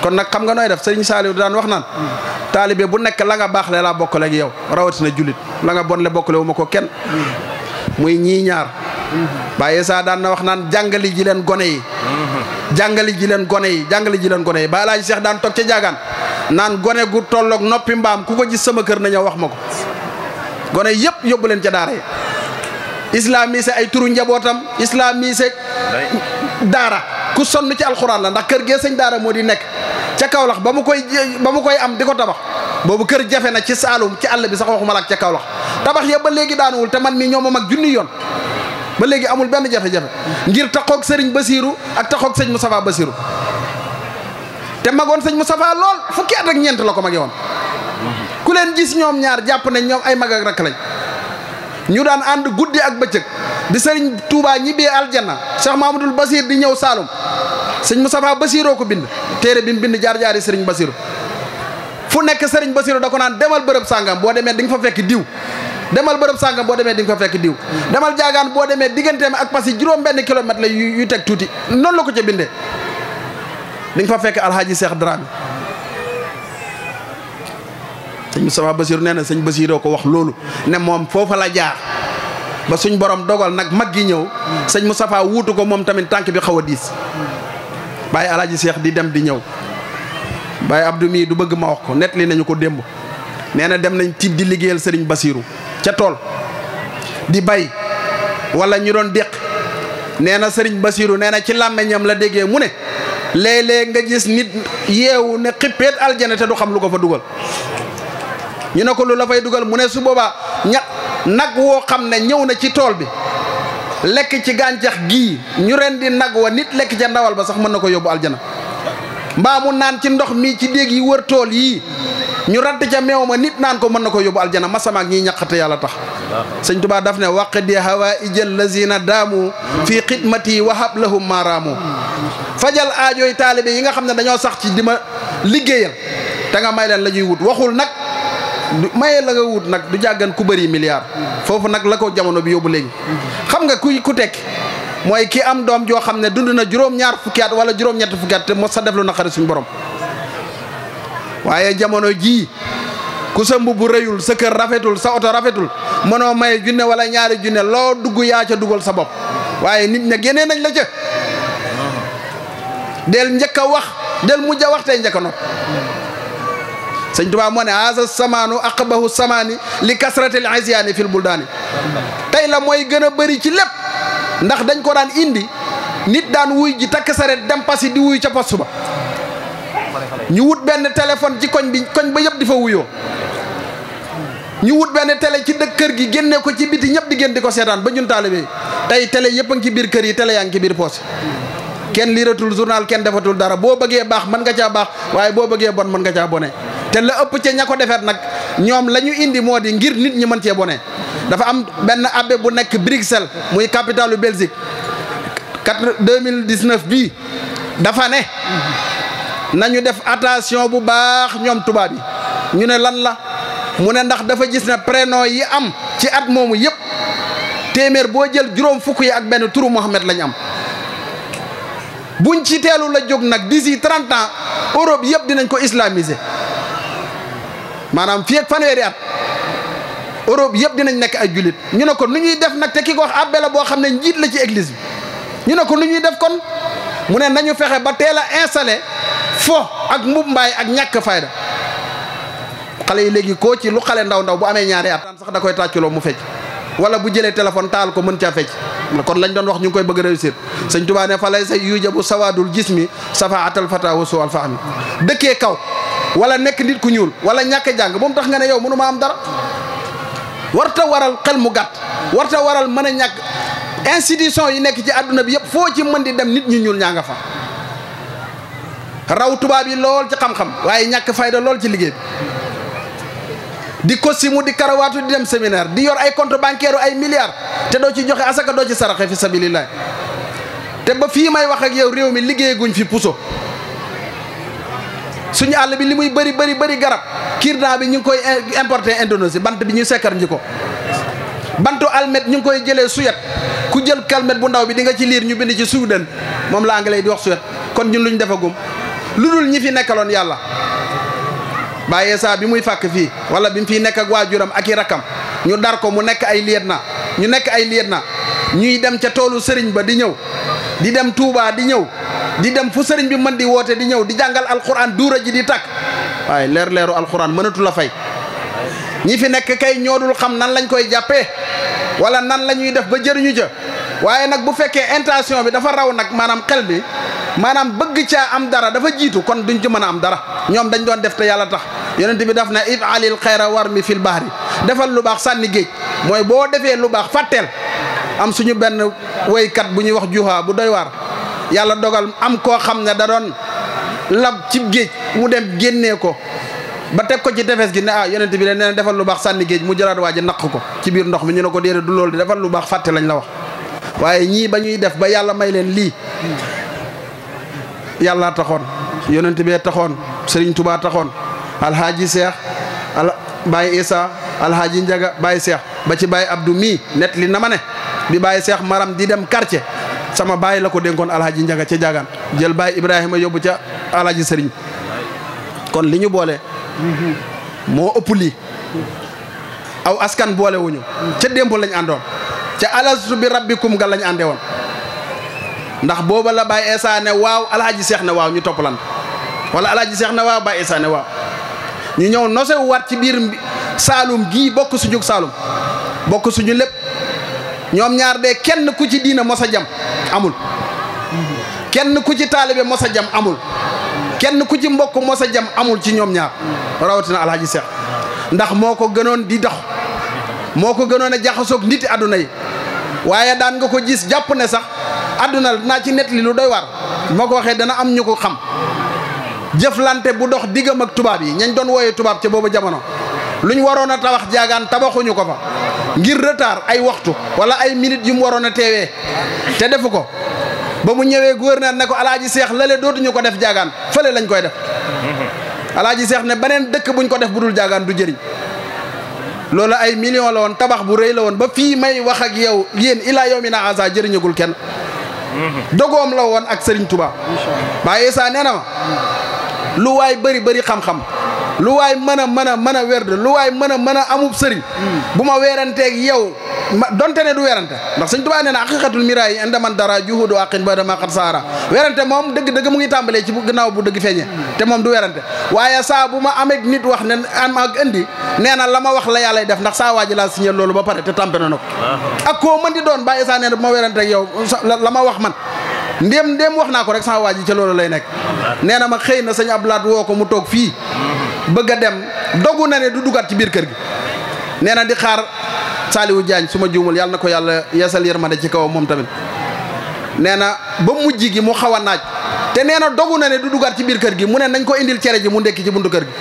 kon nag xam nga nooy def sëriñ Saliou daan wax naan taalibe bu nekk la nga baax le laa bokkale ak yow rawatina jullit la nga bon le bokkale ko kenn ñii ñaar bàyyi saa daan na wax naan jàngali ji leen gone yi jàngali ji leen gone yi jàngali ji leen yi ba alaaji seex daan toog ca jaagaan naan gone gu tolloog noppi mbaam ku ko ji sama kër na wax ma ko gone yëpp yóbbu leen ca daara yi islamisé ay turu njabootam islamisé daara ku sonn ci alxuraan la ndax kër gee sëñ daara moo di nekk ca Kaolack ba mu koy ba mu koy am di ko tabax boobu kër jafe na ci Saalum ci àll bi sax waxuma la ak ca kawlax tabax ya ba léegi daanuwul te man mii ñoo ma yoon ba léegi amul benn jafe-jafe ngir taxoog sëriñ Basiiru ak taxoog sëñ Moustapha Basiiru te magoon sëñ Moustapha lool fukki at ak ñeent la ko mage woon ku leen gis ñoom ñaar jàpp nañ ñoom ay mag ak rakk lañ ñu daan ànd guddi ak bëccëg di sëriñ Touba ñibbee aljanna Cheikh dul Basir di ñëw Saalum sëñ Moustapha Basiroo ko bind téere bi mu bind jaar-jaari sëriñ Basiru fu nekk sëriñ Basiru da ko naan demal bërëb sàngam boo demee di nga fa fekk diw demal bërëb sànka boo demee di nga ko fekk diw demal jaagaan boo demee digganteem ak Passy juróom benn kilomètre la yu teg tuuti noonu la ko ca bindee di fa fekk alxaaji Seex Dramé sëñ Moustapha Bassirou nee na sëñ Bassiroo ko wax loolu ne moom foofa la jaar ba suñ borom dogal nag mag gi ñëw sëñ Moustapha wuutu ko moom tamit tànk bi xaw a diis bàyyi alaaji Seex di dem di ñëw bàyyi Abdou mii du bëgg ma wax ko nett li nañu ko démb nee na dem nañ tiib di liggéeyal sëriñ Bassirou ca tool di bay wala ñu doon déq nee na sëriñ Basiiru nee na ci làmmeñam la déggee mu ne léeg nga gis nit yeewu ne xippeet aljana te du xam lu ko fa dugal ñu ne ko lu la fay dugal mu ne su boobaa ña nag woo xam ne ñëw na ci tool bi lekk ci gàncax gii ñu ren di nag wa nit lekk ca ndawal ba sax mën na ko yóbbu aljana mbaa mu naan ci ndox mi ci déeg yi wër tool yii ñu ratt ca meew ma nit naan ko mën na ko yóbbu aljana masamaak ñiy ñaqate yàlla tax sëñ tubaa daf ne waqdi hawa ijal lazina daamu fii xidmati wahab lahum maaraamu fajal aajooy taalibe yi nga xam ne dañoo sax ci di ma liggéeyal te nga may leen la ñuy wut waxul nag maye la nga wut nag du jàggan ku bëri milliard foofu nag la ko jamono bi yóbbu léegi xam nga kuy ku tekki mooy ki am doom joo xam ne dund na juróom-ñaar fukki at wala juróom-ñett fukki at te sa def lu naqari suñu borom waaye jamono jii ku sa mbubb rëyul sa kër rafetul sa oto rafetul mënoo maye junne wala ñaari junne loo dugg yaa ca dugal sa bopp waaye nit ña génnee nañ la ca del njëkk a wax del mujj a wax tey njëkk a nopp sëñ Tuubaa moo ne haasa samaanu aqbahu samaani li kasratil isyaani fil buldaani tey la mooy gën a bëri ci lépp ndax dañ ko daan indi nit daan wuy ji takk saret dem di wuy ca post ba ñu wut benn téléphone ci koñ bi koñ ba yëpp di fa wuyoo ñu wut benn tele ci dëkk kër gi génne ko ci biti ñëpp di génn di ko seetaan ba ñun taalibe tey tele yëpp a ngi ci biir kër yi tele yaa ngi ci biir poos kenn liiratul journal kenn defatul dara boo bëggee baax mën nga caa baax waaye boo bëggee bon mën nga caa bone te la ëpp ca ña ko defeet nag ñoom la ñu indi moo di ngir nit ñi mën cee bone dafa am benn abe bu nekk Bruxelles muy capitalu Belgique quatre 2019 bii dafa ne nañu def attention bu baax ñoom tubaab yi ñu ne lan la mu ne ndax dafa gis ne prénom yi am ci at moomu yëpp téeméer boo jël juróom fukk yi ak benn turu Mohamed lañ am buñ ci teelu la jóg nag d'ici trente ans Europe yëpp dinañ ko islaamise maanaam fii ak fanweeri at Europe yëpp dinañ nekk ay jullit ñu ne ko nu ñuy def nag te ki ko wax abbé boo xam ne njiit la ci église bi ñu ne ko nu ñuy def kon mu ne nañu fexe ba teel a installé fo ak mbub mbaay ak ñàkk fayda xale yi léegi koo ci lu xale ndaw ndaw bu amee ñaari at sax da koy tàcculoo mu fecc wala bu jëlee téléphone taal ko mën caa fecc kon lañ doon wax ñu ngi koy bëgg a réussir sëñ Tuubaa ne fa lay sa yujabu sawaadul jismi safaatal fata wa suwal fahmi dëkkee kaw wala nekk nit ku ñuul wala ñàkk jàng moom tax nga ne yow mënu am dara warta waral xel mu gàtt warta waral mën a ñàkk institution yi nekk ci àdduna bi yëpp foo ci di dem nit ñu ñuul ñaa nga fa raw tubaab yi lool ci xam-xam waaye ñàkk fayda lool ci liggéey bi di mu di karawaatu di dem séminaire di yor ay compte bancaire ay milliards te doo ci joxe asaka doo ci saraxe fi sabilillah te ba fii may wax ak yow réew mi liggéey guñ fi puso suñu àll bi li muy bëri bëri bari garab kiir kirna bi ñu ngi koy importer Indonésie bant bi ñu sekkar ñi ko bantu almet ñu ngi koy jëlee Suède ku jël kalmet bu ndaw bi di nga ci liir ñu bind ci Soudan moom la anglais di wax Suède kon ñun luñ defagum lu dul ñi fi nekkaloon yàlla bàyyee saa bi muy fàkk fii wala bi mu fiy nekk ak waajuram ak i rakkam ñu dar ko mu nekk ay liet naa ñu nekk ay liet naa ñuy dem ca toolu sëriñ ba di ñëw di dem Touba di ñëw di dem fu sëriñ bi mën di woote di ñëw di jàngal alxuraan duura ji di takk waaye leer leeru alxuraan mënatu la fay ñi fi nekk kay ñoodul xam nan lañ koy jàppee wala nan la ñuy def ba jëriñu ja waaye nag bu fekkee intention bi dafa raw nag maanaam xel bi maanaam bëgg caa am dara dafa jiitu kon duñ ci mën a am dara ñoom dañ doon def te yàlla tax yonent bi daf na ifalil xayra war mi fil bahri defal lu baax sànni géej mooy boo defee lu baax fàtteel am suñu benn woykat bu ñuy wax juha bu doy waar yàlla dogal am koo xam ne da doon lab ci géej mu dem génnee ko ba teg ko ci tefes gi ne ah yonent bi de nee na defal lu baax sànni géej mu jëlaat waa nak ko ci biir ndox mi ñu ne ko déedéet du loolu de defal lu baax fàtte lañ la wax yàlla may leen lii yàllaa taxoon yonent bee taxoon sëriñ tubaa taxoon alhaaji seex al baay isa alhaaji njaga baay seex ba ci baay abdu mii net li na ma ne bi baay seex maram di dem quartier sama baay la ko dénkoon alhaaji njaga ca jaagaan jël baay ibrahima yóbbu ca alhaaji sëriñ kon li ñu boole moo ëpp lii aw askan boole wuñu ca démb lañ àndoon ca alastu bi rabbikum ga lañ ànde woon ndax booba la Baye Issa waaw alhaji seex ne waaw ñu lan wala alhaji seex na waaw bàyyi Issa ne waaw ñu ñëw nosewu wat ci biir saalum gi bokk suñu saalum bokk suñu lépp ñoom ñaar de kenn ku ci diina mos a jam amul kenn ku ci taalibe mos a jam amul kenn ku ci mbokk mos a jam amul ci ñoom ñaar rawatina alhaji seex ndax moo ko gënoon di dox moo ko gënoon a jaxasoog niti àdduna yi waaye daan nga ko gis jàpp ne sax àdduna naa ci nettali lu doy waar moo ko waxee dana am ñu ko xam jëflante bu dox diggam ak tubaab yi ñañ doon wooyee tubaab ci boobu jamono luñ waroon a tabax jaagaan tabaxuñu ko fa ngir retard ay waxtu wala ay minutes yu mu waroon a teewee te defu ko ba mu ñëwee gouverneur ne ko alaaji seex lale dootuñu ko def jaagaan fële lañ koy def alaaji seex ne beneen dëkk buñ ko def budul dul jaagaan du jëriñ loolu ay million la woon tabax bu rëy la woon ba fii may wax ak yow yéen ilaa mi naa asa jëriñagul kenn dogoom la woon ak Serigne Touba. waaye Issa nee na lu waay bëri bëri xam-xam. lu waay mën a mën a mën a werd lu waay mën a mën a amub sëriñ hmm. bu ma weeranteeg yow donte ne du weerante ndax sañ sëñ Tuubaa nee na haqiqatul miraay inda man dara juhudu aqin ba dama xat saara weerante moom dëgg-dëgg mu ngi tàmbalee ci bu gannaaw bu dëgg feeñe te moom du weerante waaye saa bu ma ameeg nit wax ne am ak indi nee na la ma wax la yàllay def ndax saa waaj laa signé loolu ba pare te tàmpe na ko ah. ak koo mën di doon bàyyi saa nee na bu ma weeranteeg yow la ma wax man ndéem ndéem wax naa ko rek sama waa ji ca lay nekk ah. nee na ma xëy na sëñ Abdoulaye woo ko mu toog fii bëgg a dem dogu na ne du dugaat ci biir kër gi nee na di xaar Saliou Diagne su ma juumul yàlla na ko yàlla yeesal yërmande ci kawam moom tamit nee na ba mujj gi mu xaw a naaj te nee na dogu na ne du dugaat ci biir kër gi mu ne nañ ko indil cere ji mu ndekki ci buntu kër gi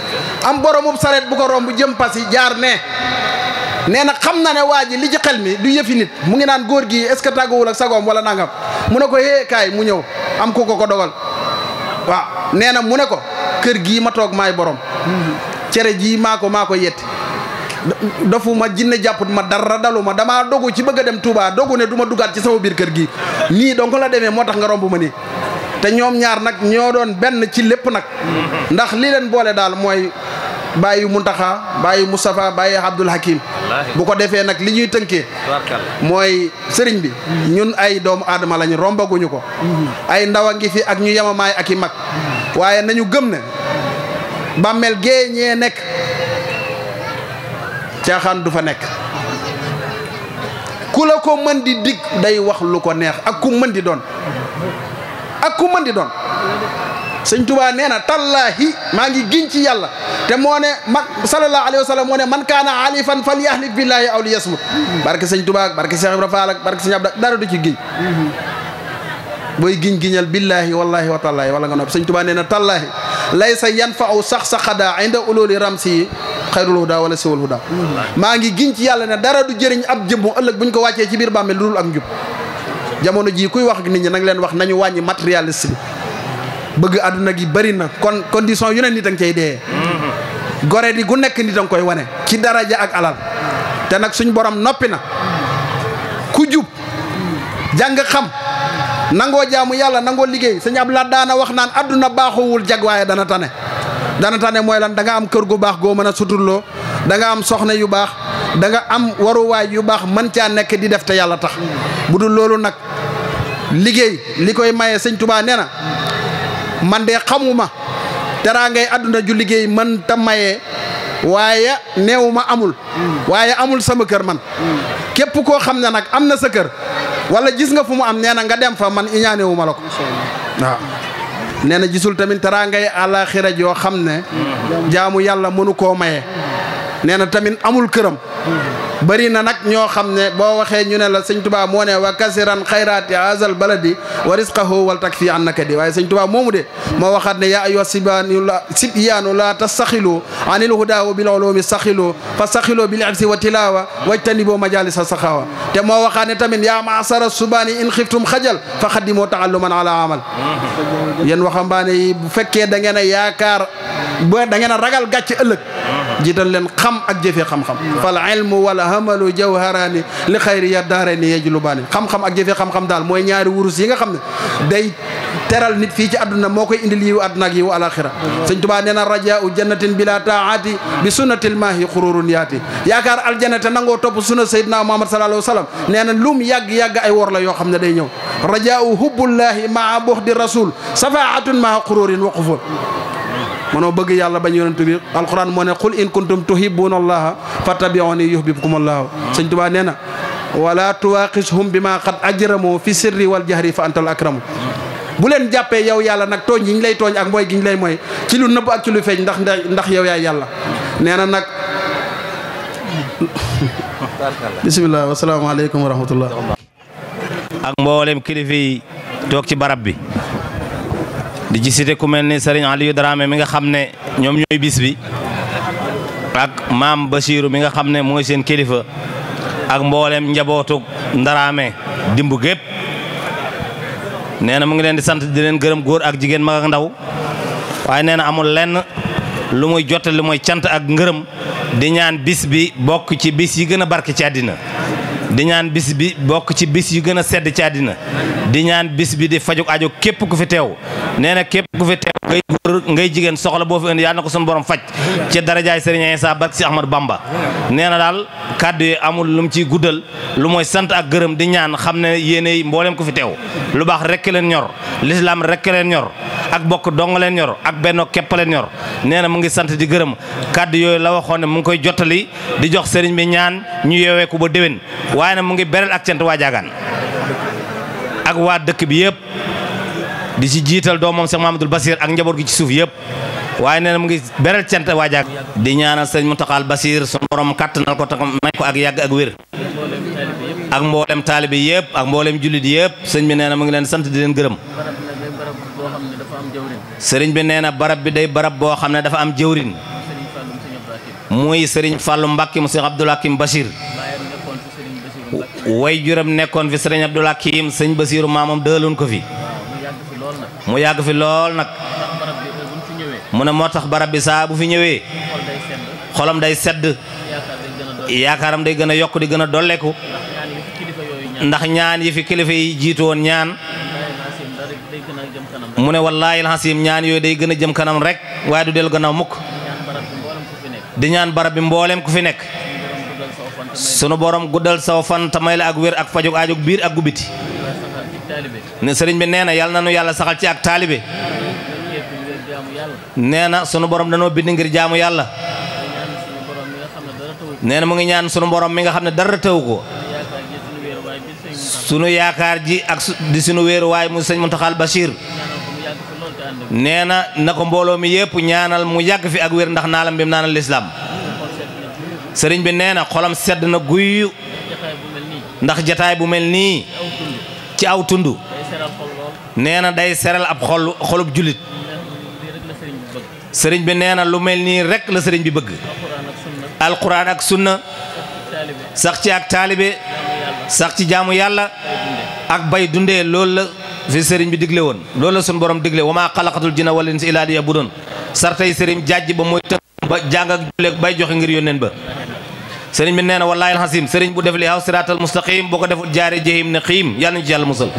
am boromub sareet bu ko romb jëm pas yi jaar ne nee na xam na ne waa ji li ci xel mi du yëfi nit mu ngi naan góor gi est ce que tàgguwul ak sagoom wala nangam mu ne ko hee kaay mu ñëw am ku ko ko dogal waaw nee na mu ne kër gii ma toog maay borom cere jii maa ko maa ko yetti dofu jinne jàpput ma dara dalu ma damaa dogu ci bëgg dem Touba dogu ne du ma dugaat ci sama biir kër gi ñii donc la demee moo tax nga romb ma nii te ñoom ñaar nag ñoo doon benn ci lépp nag ndax li leen boole daal mooy bàyyi Muntaxa bàyyi Moustapha bàyyi Abdul Hakim bu ko defee nag li ñuy tënkee mooy sëriñ bi ñun ay doomu aadama lañu rombaguñu ko mhm. ay ndaw a ngi fi ak ñu yamamaay ak i mag mhm. waaye nañu gëm ne bàmmeel gee ñee nekk caaxaan du fa nekk ku la ko mën di dig day wax ko neex ak ku mën di doon ak ku mën di doon sëñ Tuubaa nee na tallaahi maa ngi giñ ci yàlla te moone ne mag sallallahu alayhi wa sallam moo ne man kaana alifan fal yahlif billaahi aw li yasmut barke sëñ Tuubaa barke Cheikh Ibra Fall barke sëñ Abdu dara du ci giñ booy giñ giñal billaahi wallaahi wa tallaahi wala nga noppi sëñ Tuubaa nee na tallaahi laysa yanfa'u sax sa xadaa inda ululi ramsi yi xayrul hudaa wala siwal hudaa maa ngi giñ ci yàlla ne dara du jëriñ ab jëmmu ëllëg buñ ko wàccee ci biir bàmmeel lu ak jamono jii kuy wax nit ñi nag leen wax nañu wàññi matérialiste bi bëgg àdduna gi bari na kon condition yu ne nit a nga cay dee. gore di gu nekk nit a koy wane. ci daraja ak alal te nag suñ borom noppi na ku jub jàng xam nangoo jaamu yàlla nangoo liggéey sëñ Abdoulaye daana wax naan àdduna baaxuwul jag waaye dana tane. dana tane mooy lan danga am kër gu baax goo mën a suturloo da nga am soxna yu baax da nga am waruwaay yu baax mën caa nekk di def te yàlla tax bu dul loolu nag liggéey li koy maye sëñ Tuubaa nee na. man de xamuma dara ngay àdduna ju liggéey mën ta maye waaye neew ma amul waaye amul sama kër man képp koo xam ne nag am na sa kër wala gis nga fu mu am nee na nga dem fa man iñaanewu ma la ko waaw nee na gisul tamit dara ngay àllaaxira yoo xam ne mm. jaamu yàlla mënu koo maye nee na tamit amul këram bëri na nag ñoo xam ne boo waxee ñu ne la sëñ tubaa moo ne wa kasiran xayraati azal baladi wa risqahu wal takfi annaka di waaye sëñ tubaa moomu de moo waxaat ne yaa ayyuha sibaanu la sibyaanu la tastaxilu anil hudaa bil ulumi saxilu fa saxilu bil ibsi wa tilawa wajtanibu a saxawa te moo waxaat ne tamit yaa maasara subaani in xiftum xajal fa xaddimoo taalluman ala amal yéen waxambaane yi bu fekkee da a yaakaar ba da ngeen a ragal gàcc ëllëg jiital leen xam ak jëfee xam ilmu wala hamalu jawharaani li xayri ya daareeni yajlubaani xam-xam ak jëfe xam-xam daal mooy ñaari wurus yi nga xam ne day teral nit fii ci àdduna moo koy indil yiwu àdduna ak yiwu alaxira sëñ tubaa nee na rajaau jannatin bila taati bi sunnatil maahi xururun yaati yaakaar aljanate nangoo topp sunna sayyidina muhammad sallallahu alayhi wa sallam nee na lum yàgg-yàgg ay wor la yoo xam ne day ñëw rajaau hubbullahi maa buxdi rasul safaatun maa xururin wa qufur mënoo bëgg yàlla bañ yonent bi alquran moo ne qul in kuntum tuhibbuna allaha fattabi'uni yuhibbukum allahu sëñ tubaa nee na wala tuwaqishum bima qad ajramu fi sirri wal jahri fa antal akramu bu leen jàppee yow yàlla nag tooñ yi ñu lay tooñ ak mooy gi ñu lay mooy ci lu nëbb ak ci lu feeñ ndax ndax yow yaay yàlla nee na nag bisimilah wasalaamaaleykum wa rahmatullah ak mboolem kilifa yi toog ci barab bi di ci cité ku mel ni Serigne Aliou Dramé mi nga xam ne ñoom ñooy bis bi ak maam Bachirou mi nga xam ne mooy seen kilifa ak mboolem njabootu Dramé dimb gépp nee na mu ngi leen di sant di leen gërëm góor ak jigéen mag ndaw waaye nee na amul lenn lu muy jottali mooy cant ak ngërëm di ñaan bis bi bokk ci bis yi gën a barke ci àddina di ñaan bis bi bokk ci bis yu gën a sedd ci àddina di ñaan bis bi di fajug ajo képp ku fi teew nee na képp ku fi teew ngay jigéen soxla boo fi indi yàlla na ko suñu borom faj ci darajaay Serigne Issa barke si Ahmad Bamba nee na daal kàddu yi amul lu mu ciy guddal lu mooy sant ak gërëm di ñaan xam ne yéenay mbooleem ku fi teew lu baax rekk leen ñor lislaam rekk leen ñor ak bokk dong leen ñor ak benn képp leen ñor nee na mu ngi sant di gërëm kàddu yooyu la waxoon ne mu ngi koy jottali di jox Serigne bi ñaan ñu yeewee ko ba déwén waaye nag mu ngi beral ak cant waa ak waa dëkk bi yëpp di ci jiital doomam Cheikh Mamadou Basir ak njaboot gi ci suuf yëpp waaye ne na mu ngi beral cant waa di ñaanal sëñ Mountakha Basir sunu borom kàttanal ko takam may ko ak yàgg ak wér ak mboolem taalibe yëpp ak mboolem jullit yépp sëñ bi nee mu ngi leen sant di leen gërëm sëriñ bi nee na barab bi day barab boo xam ne dafa am jëwrin muy sëriñ Fallou Mbacke mu Cheikh Abdoul Hakim way juram nekkoon fi sëriñ Abdul Hakim sëñ Basiiru maamam dëloon ko fi mu yàgg fi lool nag mu ne moo tax barab bi saa bu fi ñëwee xolam day sedd yaakaaram day gën a yokk di gën a dolleku ndax ñaan yi fi kilifa yi jiitu woon ñaan mu ne wallaahi alxasim ñaan yooyu day gën a jëm kanam rek waaye du del gannaaw mukk di ñaan barab bi mboolem ku fi nekk sunu borom guddal saw fan te may la ak wér ak fajug aajug biir ak gubbiti ne sëriñ bi nee na yàlla na nu yàlla saxal ci ak taalibe nee na sunu borom danoo bind ngir jaamu yàlla nee na mu ngi ñaan sunu borom mi nga xam ne dara tëw ko sunu yaakaar ji ak di sunu wéeruwaay mu sëñ Muntaxal Bachir nee na na ko mbooloo mi yépp ñaanal mu yàgg fi ak weer ndax naalam bi mu naanal lislaam sëriñ bi nee na xolam sedd na guyu ndax jataay bu mel nii ci aw tund nee na day seral ab xol xolub jullit sëriñ bi nee na lu mel nii rek la sëriñ bi bëgg alquran ak sunna sax ci ak taalibe sax ci jaamu yàlla ak bay dundee loolu la seriñ bi digle woon loolu la sun borom digle wa maa xalaqatul jinna wal insa illaa liya'buduun sartay sëriñ jàjj ba mooy ba jàng bay joxe ngir yónneen ba sëriñ bi nee na wallahi alxasim sëriñ bu def li aw siraatal mustaqim boo ko deful jaare jahim ne xiim yàlla nañu ci yàlla musal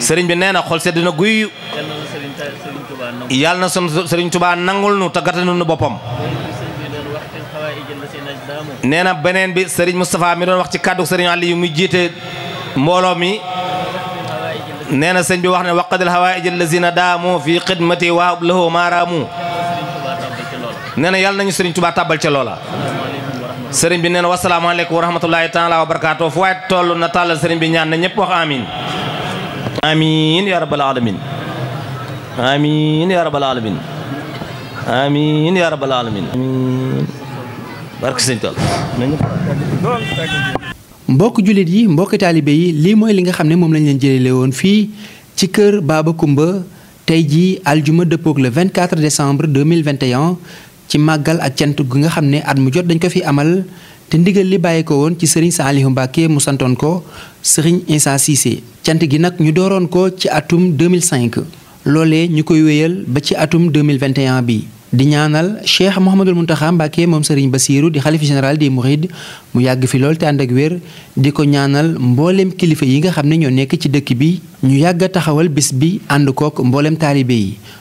sëriñ bi nee na xol sedd na guy yàlla na son sëriñ tubaa nangul nu te gàttanu nu boppam nee na beneen bi sëriñ Moustapha mi doon wax ci kàddu sëriñ Aliou muy jiite mbooloo mi nee bi wax ne waqadil hawaïj allazina daamu fi xidmati waab lahu maaraamu nee yàlla nañu sëriñ tubaa tàbbal ca loola sëriñ bi nee na wasalaamaaleykum wa rahmatullahi taala wa barakaatu fu waaye toll na tàllal sëriñ bi ñaan na ñëpp wax amin amin ya rabbal alamin mbokk jullit yi mbokk taalibe yi lii mooy li nga xam ne moom lañ leen jëlee woon fii ci kër Baba Kumba tey jii aljuma dëppoog le 24 décembre 2021 ci màggal ak cant gu nga xam ne at mu jot dañ ko fi amal te ndigal li bàyyi ko woon ci sëriñ Saalihu Mbàkke mu santoon ko sëriñ Insa Cissé cant gi nag ñu dooroon ko ci atum 2005 loolee ñu koy wéyal ba ci atum 2021 bi di ñaanal cheikh Mouhamadul Mountakha Mbacke moom Serigne Bassirou di xalif général des Mourides mu yàgg fi lool te ànd ak wér di ko ñaanal mboolem kilifa yi nga xam ne ñoo nekk ci dëkk bi ñu yàgg a taxawal bis bi ànd kook mboolem taalibe yi